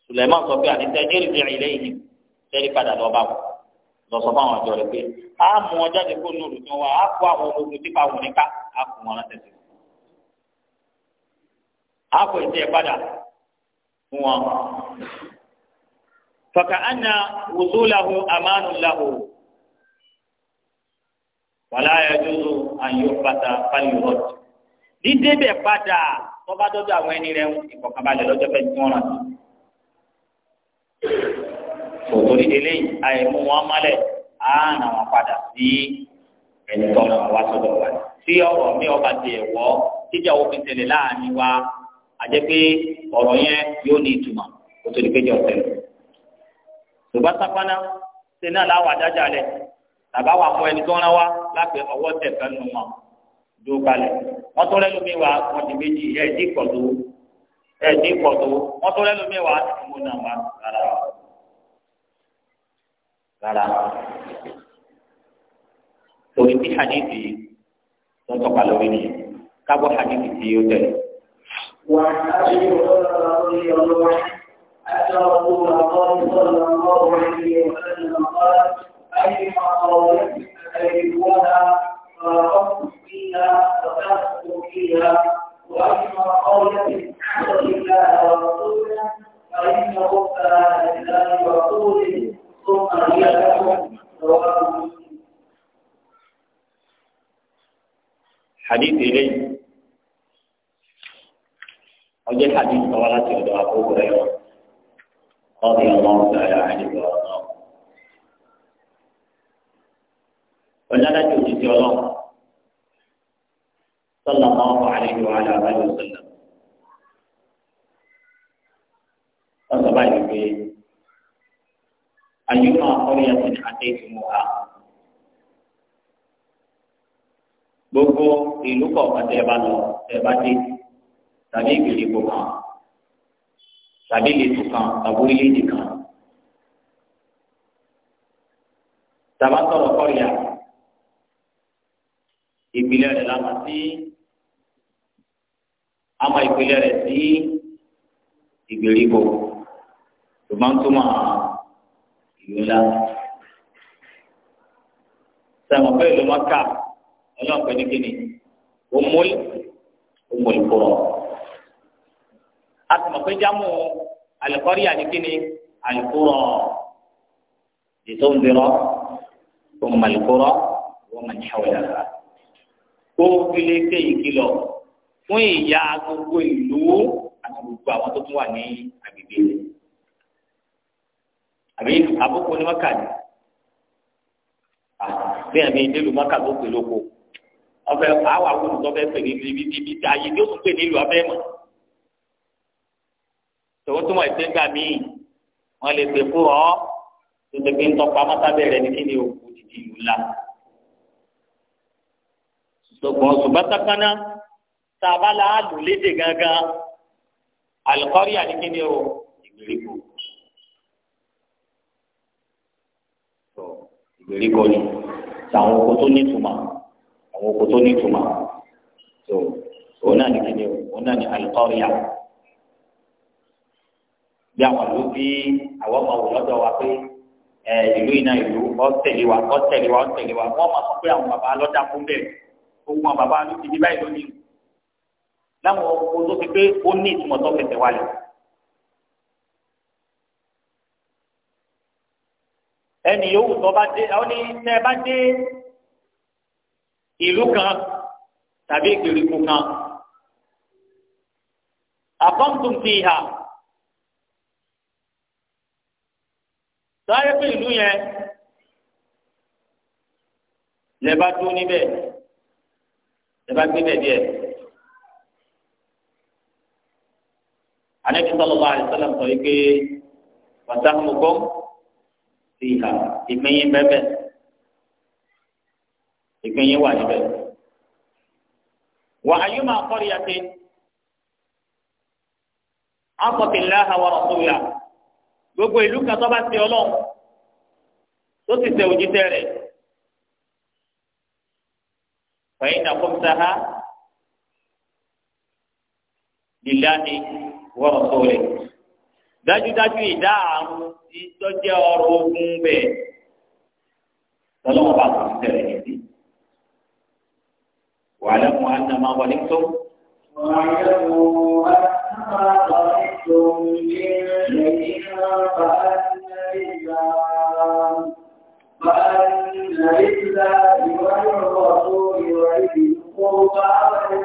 Sulaiman sọ pé àti tẹ́ tẹ́lí padà lọ́ọ́ bá wọn lọ́sọ fáwọn ọjọ́ rẹ pé a mú wọn jáde kó nù olùtọ́ wa a kó àwọn ológun tipa wọn nípa a kó wọn rántẹ̀ sí wọn. a kó ìtì ẹ̀ padà fún wọn. fọkà ànà wùsùlàhù àmánùlàhù wàlá ẹjọ́ àyùbàtà fàlùwọ̀t. dídébẹ̀ padà tọ́ba àwọn ẹni rẹ̀ ìkọ̀kànbalẹ̀ lọ́jọ́ fẹ́ẹ́ tí wọ́n rántí. òtòrí eléyìí àìmú wọn a na wọn padà sí ẹni tọrọ àwa sọ́dọ̀ wa tí ọ̀rọ̀ mi ọba tiẹ̀ wọ tíjà òfin ọrụ wa àjẹ pé yẹn yóò ní ìtumọ̀ òtòrí péjọ tẹ́lẹ̀ sápáná ṣe náà lẹ tàbá wà fún ẹni tó dó tó ti méjì tó tó tó mú nàmbá rárá rárá torí tí hadithi tó tọ́ka lórí ni kábọ̀ hadithi tí ó tẹ̀lé. wà á ṣe ìwọ́n lórí ọlọ́wọ́ àti ọkùnrin ọkọ̀ ìṣọ̀lọ́ ọkọ̀ ìṣẹ̀lẹ̀ ọ̀gá ayé máa ọ̀rọ̀ ẹ̀ẹ́dẹ́gbọ́dá ọ̀rọ̀ ọ̀kùnrin fìyà ọ̀dà ọ̀kùnrin fìyà wà á ṣe máa ọ̀rọ̀ ẹ̀ẹ́dẹ́gbọ́dá. kọ̀ọ̀kan tẹ́ ẹ bá lọ tẹ́ dé tàbí ìgbèríko kan tàbí ìletò kan tàbí orílẹ̀-èdè kan. tàbá sọ̀rọ̀ kọ́ríà ìpìlẹ̀ rẹ̀ la máa sí ama ìpìlẹ̀ rẹ̀ sí ìgbèríko tó máa ń túmọ̀ ìlú ńlá. sẹ́wọ̀n pé ìlú mọ́ká ọlọ́pẹ́ ní kíni umul umul kúrọ a sì mọ̀ pé jámù alikọ́rí àdìkíni alikúrọ ìtòǹdìrọ ọmọ alikúrọ wọn máa ń ṣàwọlẹ̀ rà kó file ké ìkìlọ̀ fún ìyá gbogbo ìlú àti gbogbo àwọn tó tún wà ní agbègbè rẹ̀ àbí àbúkù ni wọ́n kà ní àbí ìdílù mọ́kà tó pè lóko ọbẹ àwọn akóso tó fẹ́ pè ní ibi ibi tí ayé yóò tún pè nílùú abẹ mọ tòun tún wà ẹsẹ gbà míì wọn lè pè fún ọ tó ti fi ń tọpa mọsábẹ rẹ ní kíni òkú títí ìlú la ṣùgbọ́n ṣùgbọ́n sákánná tá a bá la á lò gangan alukọ́rí àdìkíni o ìgbèríko ìgbèríko ni tàwọn oko nítumọ̀ àwọn oko tó ní ìtumọ̀ so òun náà ní kíni òun náà ní alikọ́ríà bí àwọn ìlú bí àwọn ọmọ wò lọ́dọ̀ wa pé ẹ ìlú iná ìlú ọ̀tẹ̀lẹ̀ wa ọ̀tẹ̀lẹ̀ wa ọ̀tẹ̀lẹ̀ wa wọ́n máa sọ pé àwọn bàbá lọ́dà fún bẹ́ẹ̀ gbogbo àwọn bàbá ló ti di báyìí lónìí láwọn oko tó fi pé ó ní ìtumọ̀ tó fẹsẹ̀ wálẹ̀. ẹnì yòówù tó bá dé ọ ní tẹ́ bá dé ìlú kan tàbí ìgbèríko kan àkọ́ǹtùm ti hà sáré pé ìlú yẹn lẹ́bàá tó níbẹ̀ lẹ́bàá gbé bẹ̀ díẹ̀. anabi sallallahu alayhi wa sallam sọ yìí pé wàtá mọ̀kọ́ ti hà ìpínyìn bẹ́ẹ̀ bẹ́ẹ̀ ìpín yín wà níbẹ̀. wà á yóò máa kọ́rí àti akọ̀tìlá àwọn ọ̀tọ̀wìlà gbogbo ìlú kan tó bá ti ọlọ́run tó ti tẹ òjíṣẹ́ rẹ̀ fẹ̀yìn náà kó ń sáhá lílàní wọ́rọ̀ dájúdájú ìdá àrùn tí ọrọ̀ ogun bẹ́ẹ̀ tọ́lọ́wọ́n bá tó ti tẹ̀lé ní. واعلموا أن ما ظلمتم واعلموا أن ما ظلمتم من شيء فأن لله فأن لله وللرسول وللقربى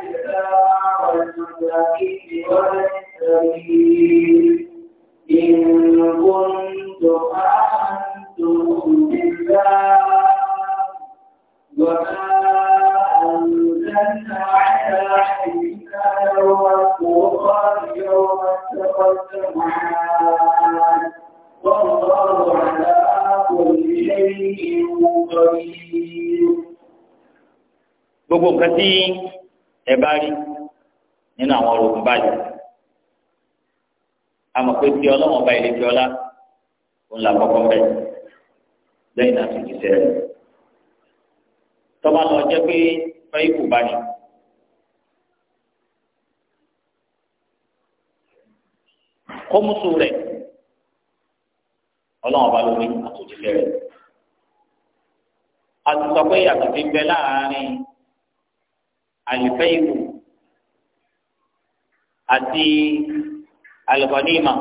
ẹ̀kọ́ ní ìmọ̀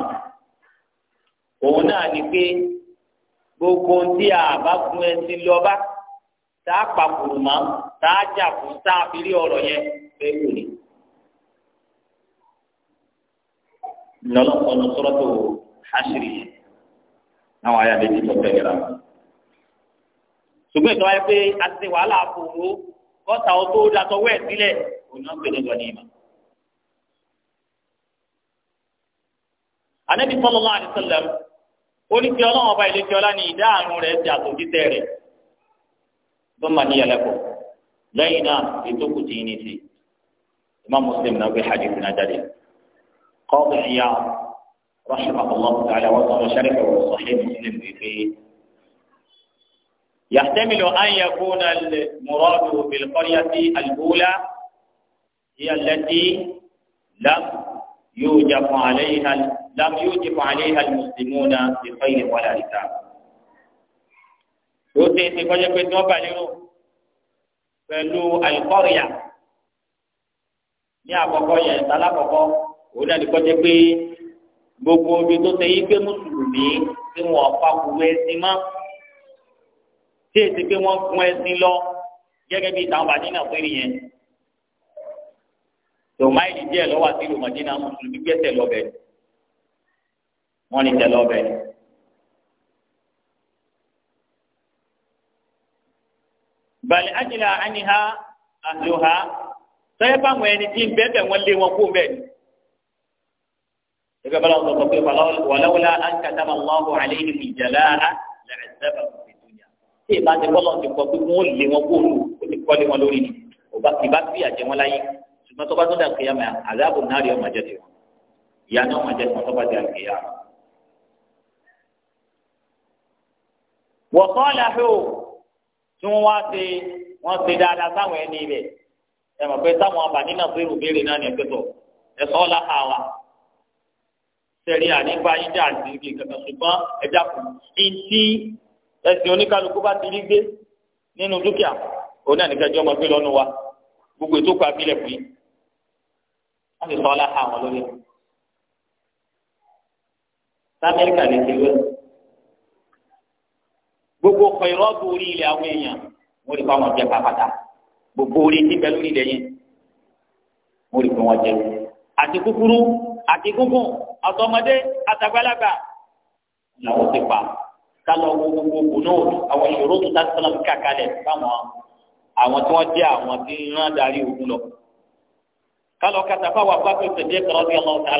òun náà ni pé gbogbo ohun tí a bá gun ẹsìn lọ bá tá a pàkùrù mọ́ tá a jà fún tá a fi rí ọ̀rọ̀ yẹn pé kò ní. lọ́lọ́kọ̀ọ́nù sọ́rọ́ tó aṣírí yẹn àwọn ayé àdéjì tó tẹ̀lé ra. ṣùgbọ́n ìtọ́wáyé pé a ti wàhálà àpò òwò kọ́ta ọtó dàtọ̀ wẹ̀ sílẹ̀ òun náà ní gbọ́dọ̀ anabi sallallahu alaihi wasallam ti Ọlọ́run ọba ilé ti ola ní ìdá àrùn rẹ̀ ti àtòjíṣẹ rẹ̀ bọmọ ní ẹlẹkọ lẹ́yìn náà ètò kù ti ni sí imam muslim náà gbé hadith náà jáde kọ́ọ̀bù ìyá rahimahullah ta'ala wa sọ̀rọ̀ sharika wa sahih muslim wípé يحتمل أن يكون المراد بالقرية الأولى هي التي لم يوجب عليها لم يوجب عليها المسلمون muslimuna ولا khayrin wala hisab. ó ṣe é ṣe kọjá pé tí wọ́n bá lérò pẹ̀lú al-qarya ní àkọ́kọ́ yẹn sálákọ̀ọ́kọ́ òun náà ní kọjá pé gbogbo omi tó ṣe yí pé mùsùlùmí tí wọ́n fàkùrù ẹ̀sìn mọ́ tí èsì pé wọ́n gun ẹ̀sìn lọ gẹ́gẹ́ bí ìtàn bàdínà péré yẹn tòmáìlì díẹ̀ lọ́wọ́ àti ìlú màdínà wọ́n ní tẹ̀lé ọbẹ̀ ni. bàlẹ̀ àjìlá àníhá àlòhá sọ́yẹ́ báwọn ẹni tí ń bẹ́ẹ̀ wọ́n lé wọn kó bẹ́ẹ̀ ni. gẹ́gẹ́ bá lọ́wọ́ sọ pé wàláwùlá àǹkàtàmà lọ́wọ́ àléhìn ìjàlá lẹ́rẹ̀ sẹ́fà fi dúnyà. tí ìbá ti kọ́ lọ́wọ́ ti kọ́ pé wọ́n lé wọn kó lù ó ti kọ́ lé wọn lórí ni ìbá fi àjẹ́ wọn láyé ṣùgbọ́n tó bá tó dà kéèyàn mẹ́ àdáàbò náà rí ọmọ jẹ́ tiwọn ìyá náà ọmọ jẹ́ tiwọn tó bá dà kéèyàn. wọ́tọ́ làfẹ́ o tí wọ́n wá ṣe wọ́n ṣe dáadáa sáwọn ẹni ibẹ̀ ẹ mọ̀ pé sáwọn abàní náà fẹ́ rògbèrè náà ní ẹ̀kẹ́tọ̀ ẹ̀sọ́ lápá wa sẹ̀rí àníbá yín dà sí ibi kankan ṣùgbọ́n ẹja kù ìntì ẹ̀sìn oníkálukú bá ti rí gbé nínú dúkìá òun náà nìkẹ́jọ́ ọmọ gbé lọ́nu wa gbogbo ètò kọ abilẹ̀ pé wọ́n ti sọ ọ́ wọn lórí. sáméríkà lè ti wẹ́ẹ̀ gbogbo kọ̀ìrọ́ọ̀bù orí ilẹ̀ àwọn èèyàn wọ́n rí fáwọn jẹ pàpàtà gbogbo orí ti bẹ lórí ilẹ̀ yẹn wọ́n rí fún wọn jẹ àti kúkúrú àti gúngùn àtọmọdé àtàgbàlagbà làwọn ti pa kálọ̀ wo gbogbo kùnú àwọn ìṣòro tó tá sọ́nà fi kàkálẹ̀ fáwọn àwọn tí wọ́n jẹ́ àwọn tí ń rán darí ogun lọ. kálọ̀ kàtà fáwọn abáfẹ́ ìṣẹ̀dí ẹ̀kọ́ rọ́bì ọlọ́ọ̀tà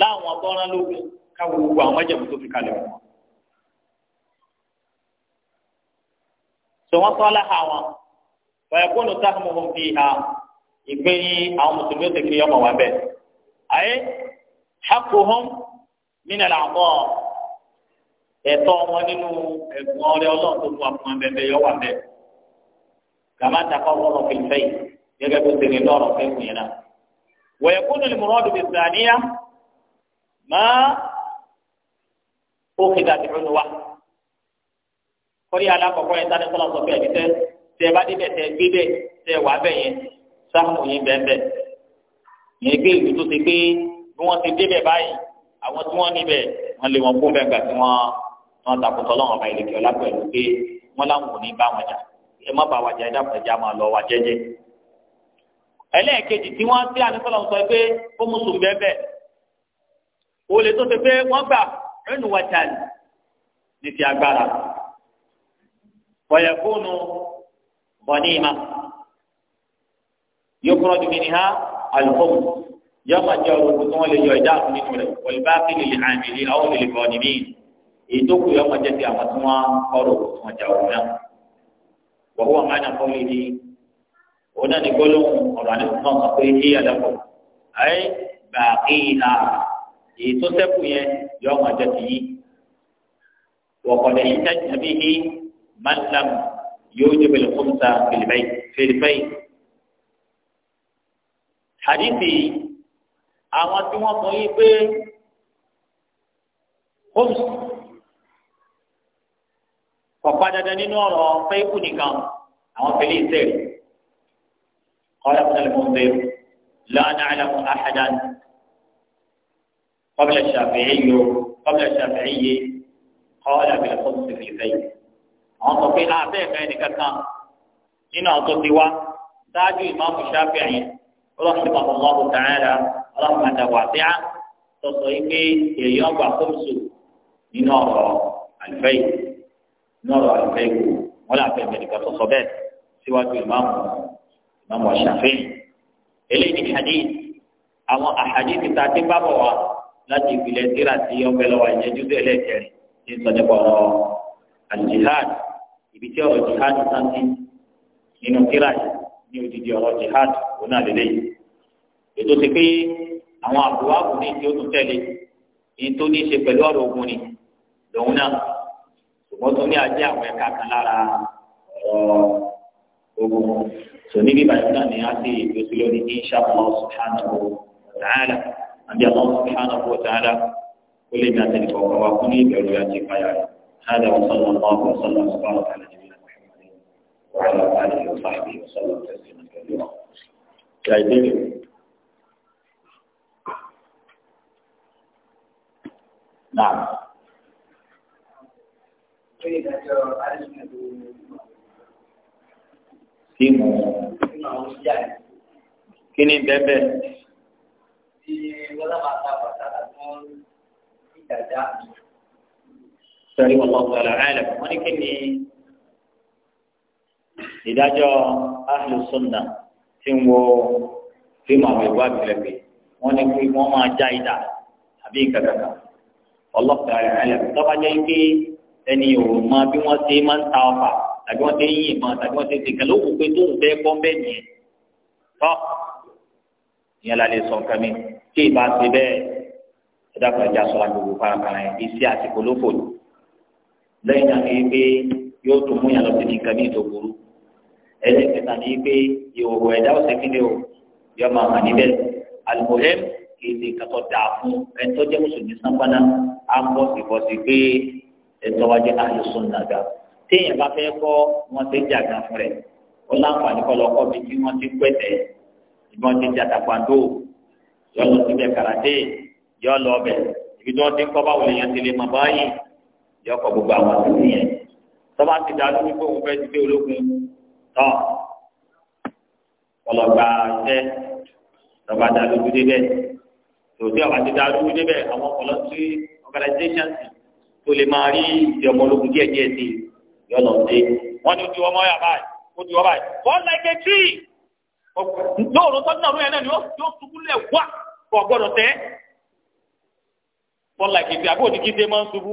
láwọn bọ́rán lógun káwọn gbogbo àwọn mẹ́jẹ̀mú tó fi kalẹ̀ wọn. tó wọ́n sọ́lá ha wọn wọ́n kó nu sáfù mọ̀ fi ha ìgbé yín àwọn mùsùlùmí ó ti kiri ọmọ wa bẹ́ẹ̀. ayé hakuhum mina làbọ̀ ẹ̀tọ́ wọn nínú ẹ̀gbọ́n ọ̀rẹ́ ọlọ́run tó fún àpọn bẹ́ẹ̀ yọ wà bẹ́ẹ̀. kàmá takọ́ wọ́rọ̀ fìfẹ́ yìí gẹ́gẹ́ bó ti rìn lọ́rọ̀ fẹ́ kùn náà. wọ́n kó nu lùmùrọ́dù bìsàníyà máa ó kìdá tìrún wa kọ́rí alákọ̀ọ́kọ́ yẹn sáré sọ́lá sọ́kẹ́ ẹ̀mí tẹ́ tẹ́ ẹ bá dé bẹ́ẹ̀ tẹ́ gbé bẹ́ẹ̀ tẹ́ wàá bẹ́ẹ̀ yẹn sáàmù yín bẹ́ẹ̀ bẹ́ẹ̀ yẹn gbé ìlú tó ti pé bí wọ́n ti dé bẹ́ẹ̀ báyìí àwọn tí wọ́n níbẹ̀ wọ́n lé wọn kún bẹ́ẹ̀ gbà tí wọ́n wọ́n takùtọ̀ lọ́wọ́ ọba ìlẹ̀kẹ́ ọlá pẹ̀lú pé wọ́n láwọn ò ní bá wọn jà ẹ má bá wa jà ẹ dàpọ̀ ẹja máa lọ wa jẹ́jẹ́ ẹlẹ́ẹ̀kejì tí wọ́n tí anisọ́lọ́ sọ pé ó mùsùn bẹ́ẹ̀ olè tó ti pé wọ́n gbà ẹnu wájà ní ti agbára ويكون غنيمة يخرج منها الخبز يوم جاءوا الخصوم ليجاء من نوره والباقي للعاملين أو للغانمين يتوقع يوم جاءت أمتما قروا ثم جاءونا وهو معنى قوله هنا نقول قرآن الصلاة قوله هي لكم أي باقينا يتوسف يوم جاءت وقد احتج به mọ́tìlám yóò jẹ́ bẹ̀rẹ̀ kọ́mùsà fèrèfẹ́yì. hadithi àwọn tí wọ́n sọ yìí pé kọ́mùsà kọ̀pá dandan nínú ọ̀rọ̀ fẹ́ẹ́kù nìkan àwọn fẹ́lẹ́ ìsẹ̀rì kọ́lá fún ẹlẹ́mọ̀ bẹ́ẹ̀ lọ́nà àlàmù àhàdán kọ́bílẹ̀ ṣàfihàn yìí kọ́bílẹ̀ ṣàfihàn yìí kọ́lá bẹ̀rẹ̀ kọ́mùsà fèrèfẹ́yì àwọn sọ pé abẹ́ ah, ẹ̀fẹ́ nìkan kan nínú àwọn tó ti wá ṣáájú ìmáàmù ṣáfíà yẹn ọlọ́run bàbá ọlọ́run tààrà ọlọ́run àdàwà bíà sọ̀sọ̀ yìí pé èyí ọgbà kóòtù nínú ọ̀rọ̀ àlùfẹ́ yìí nínú ọ̀rọ̀ àlùfẹ́ yìí wọ́n lè àfẹ́ mẹ́nìkan sọ̀sọ̀ bẹ́ẹ̀ síwájú ìmáàmù ìmáàmù ṣáfíà eléyìí ni láti ìpìlẹ̀ tíra ìyẹn jùlọ ẹlẹ́kẹ̀rin ní sọ̀dẹ̀pọ̀ ọ̀rọ̀ àlùjihad ibi tí ọ̀rọ̀ jihad sáńtì nínú kíláàsì ní odidi ọ̀rọ̀ jihad òun náà lélẹ́yìí ètò ti pé àwọn àbúrò àbúrò ní tí ó tún tẹ̀lé ní tó ní í ṣe pẹ̀lú ọ̀rọ̀ ogun ni lòun náà ṣùgbọ́n tó ní ajé àwọn ẹ̀ka kan lára ọ̀rọ̀ ogun tò ní bíbá náà ni a ti ètò sí lórí insha Allah subhanahu wa ta'ala àbí Allah subhanahu wa ta'ala ó lè ní àtẹnìkọ̀ọ̀kan wa fún ní ìbẹ̀rù àti ìpayà rẹ̀. هذا وصلى الله وسلم وبارك على نبينا محمد وعلى آله وصحبه وسلم تسليما كبيرا جايبين نعم Kíni kíni bẹ́ẹ̀ Tí wọ́n bá ta bàtà fún ìdájá. sọrí wọn lọ́wọ́ ọ̀la ẹ̀lẹ̀ wọ́n ní kí ni ìdájọ́ ahlu sunna ti ń wo fíìmù àwọn ìwà àbílẹ̀pẹ̀ wọ́n ní kí wọ́n máa já ìdá àbí kàkàkà ọlọ́pàá ẹ̀lẹ̀ tọ́ba jẹ́ pé ẹni ò mọ bí wọ́n ṣe máa ń ta ọfà tàbí wọ́n ṣe ń yìn mọ́ tàbí wọ́n ṣe ṣe kẹlẹ́ òkú pé tó ń bẹ́ẹ̀ bọ́ bẹ́ẹ̀ nìyẹn tọ́ ìyẹn la lè sọ nǹkan mi tí ì bá ṣe bẹ́ẹ̀ ẹ̀dá kan ìjà sọ̀rọ̀ àgbègbè farafara yẹn iṣẹ́ àsìkò ló fò lẹ́yìn náà ni pé yóò tún mú yàn lọ sí nǹkan ní ẹni kẹta ni pé ìhòòhò ẹ̀dá ọ̀sẹ̀ kí ni o yọ máa hàn níbẹ̀ alimohem kéde kátó dáa fún ẹ̀tọ́ jẹ́ mùsùlùmí sápáná á ń bọ̀ sí bọ̀ sí pé ẹ̀tọ́ wa jẹ́ àlùsùn nàgà téèyàn bá fẹ́ kọ́ wọn ti jà gan fún rẹ̀ ó láǹfààní kọ́ lọ́kọ́ bí tí wọ́n ti pẹ̀tẹ́ ìbọn ti jà tàpáńdó yọ lọ síbẹ̀ kàràdé yọ lọ bẹ̀ ibi tí wọ́n ti ń kọ́ báwo lèèyàn ti lè mọ̀ báyìí yọ ọkọ gbogbo àwọn àtúntì yẹn tọ́ba ti dá lórí pé òun fẹ́ ti dé ológun tọ́ ọlọ́gba iṣẹ́ tọ́ba dá lójú débẹ̀ tòótọ́ ọba ti dá lójú débẹ̀ àwọn ọ̀pọ̀lọ́ sí organizations tó lè máa rí ìdí ọmọ ológun díẹ̀ díẹ̀ sí yọ lọ sí wọ́n ní ó ti wọ́n mọ́ yà báyìí ó ti wọ́n báyìí wọ́n like a tree lóòrùn tọ́jú náà lóyún ẹ̀ náà ni yóò ṣubú lẹ̀ wá kò gbọ́dọ̀ tẹ́ wọ́n like a tree àbí òní kí dé máa ń ṣubú.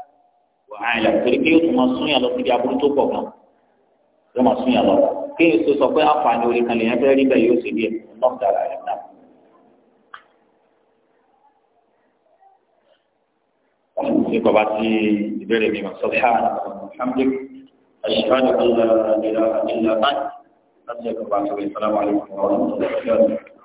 àìlà torí pé yóò tún máa sún yàn lọ síbi aburú tó pọ̀ gan yóò máa sún yàn lọ kí n so sọ pé àǹfààní orí kan lèyàn fẹ́ẹ́ rí bẹ́ẹ̀ yóò ṣe díẹ̀ lọ́kùtàrà rẹ̀ náà. nípa bá ti ìbéèrè mi máa sọ̀rọ̀ ṣáà alhamdu ashhadu an la ilaha illa anta astaghfiruka wa atubu ilayk assalamu alaykum wa rahmatullahi wa barakatuh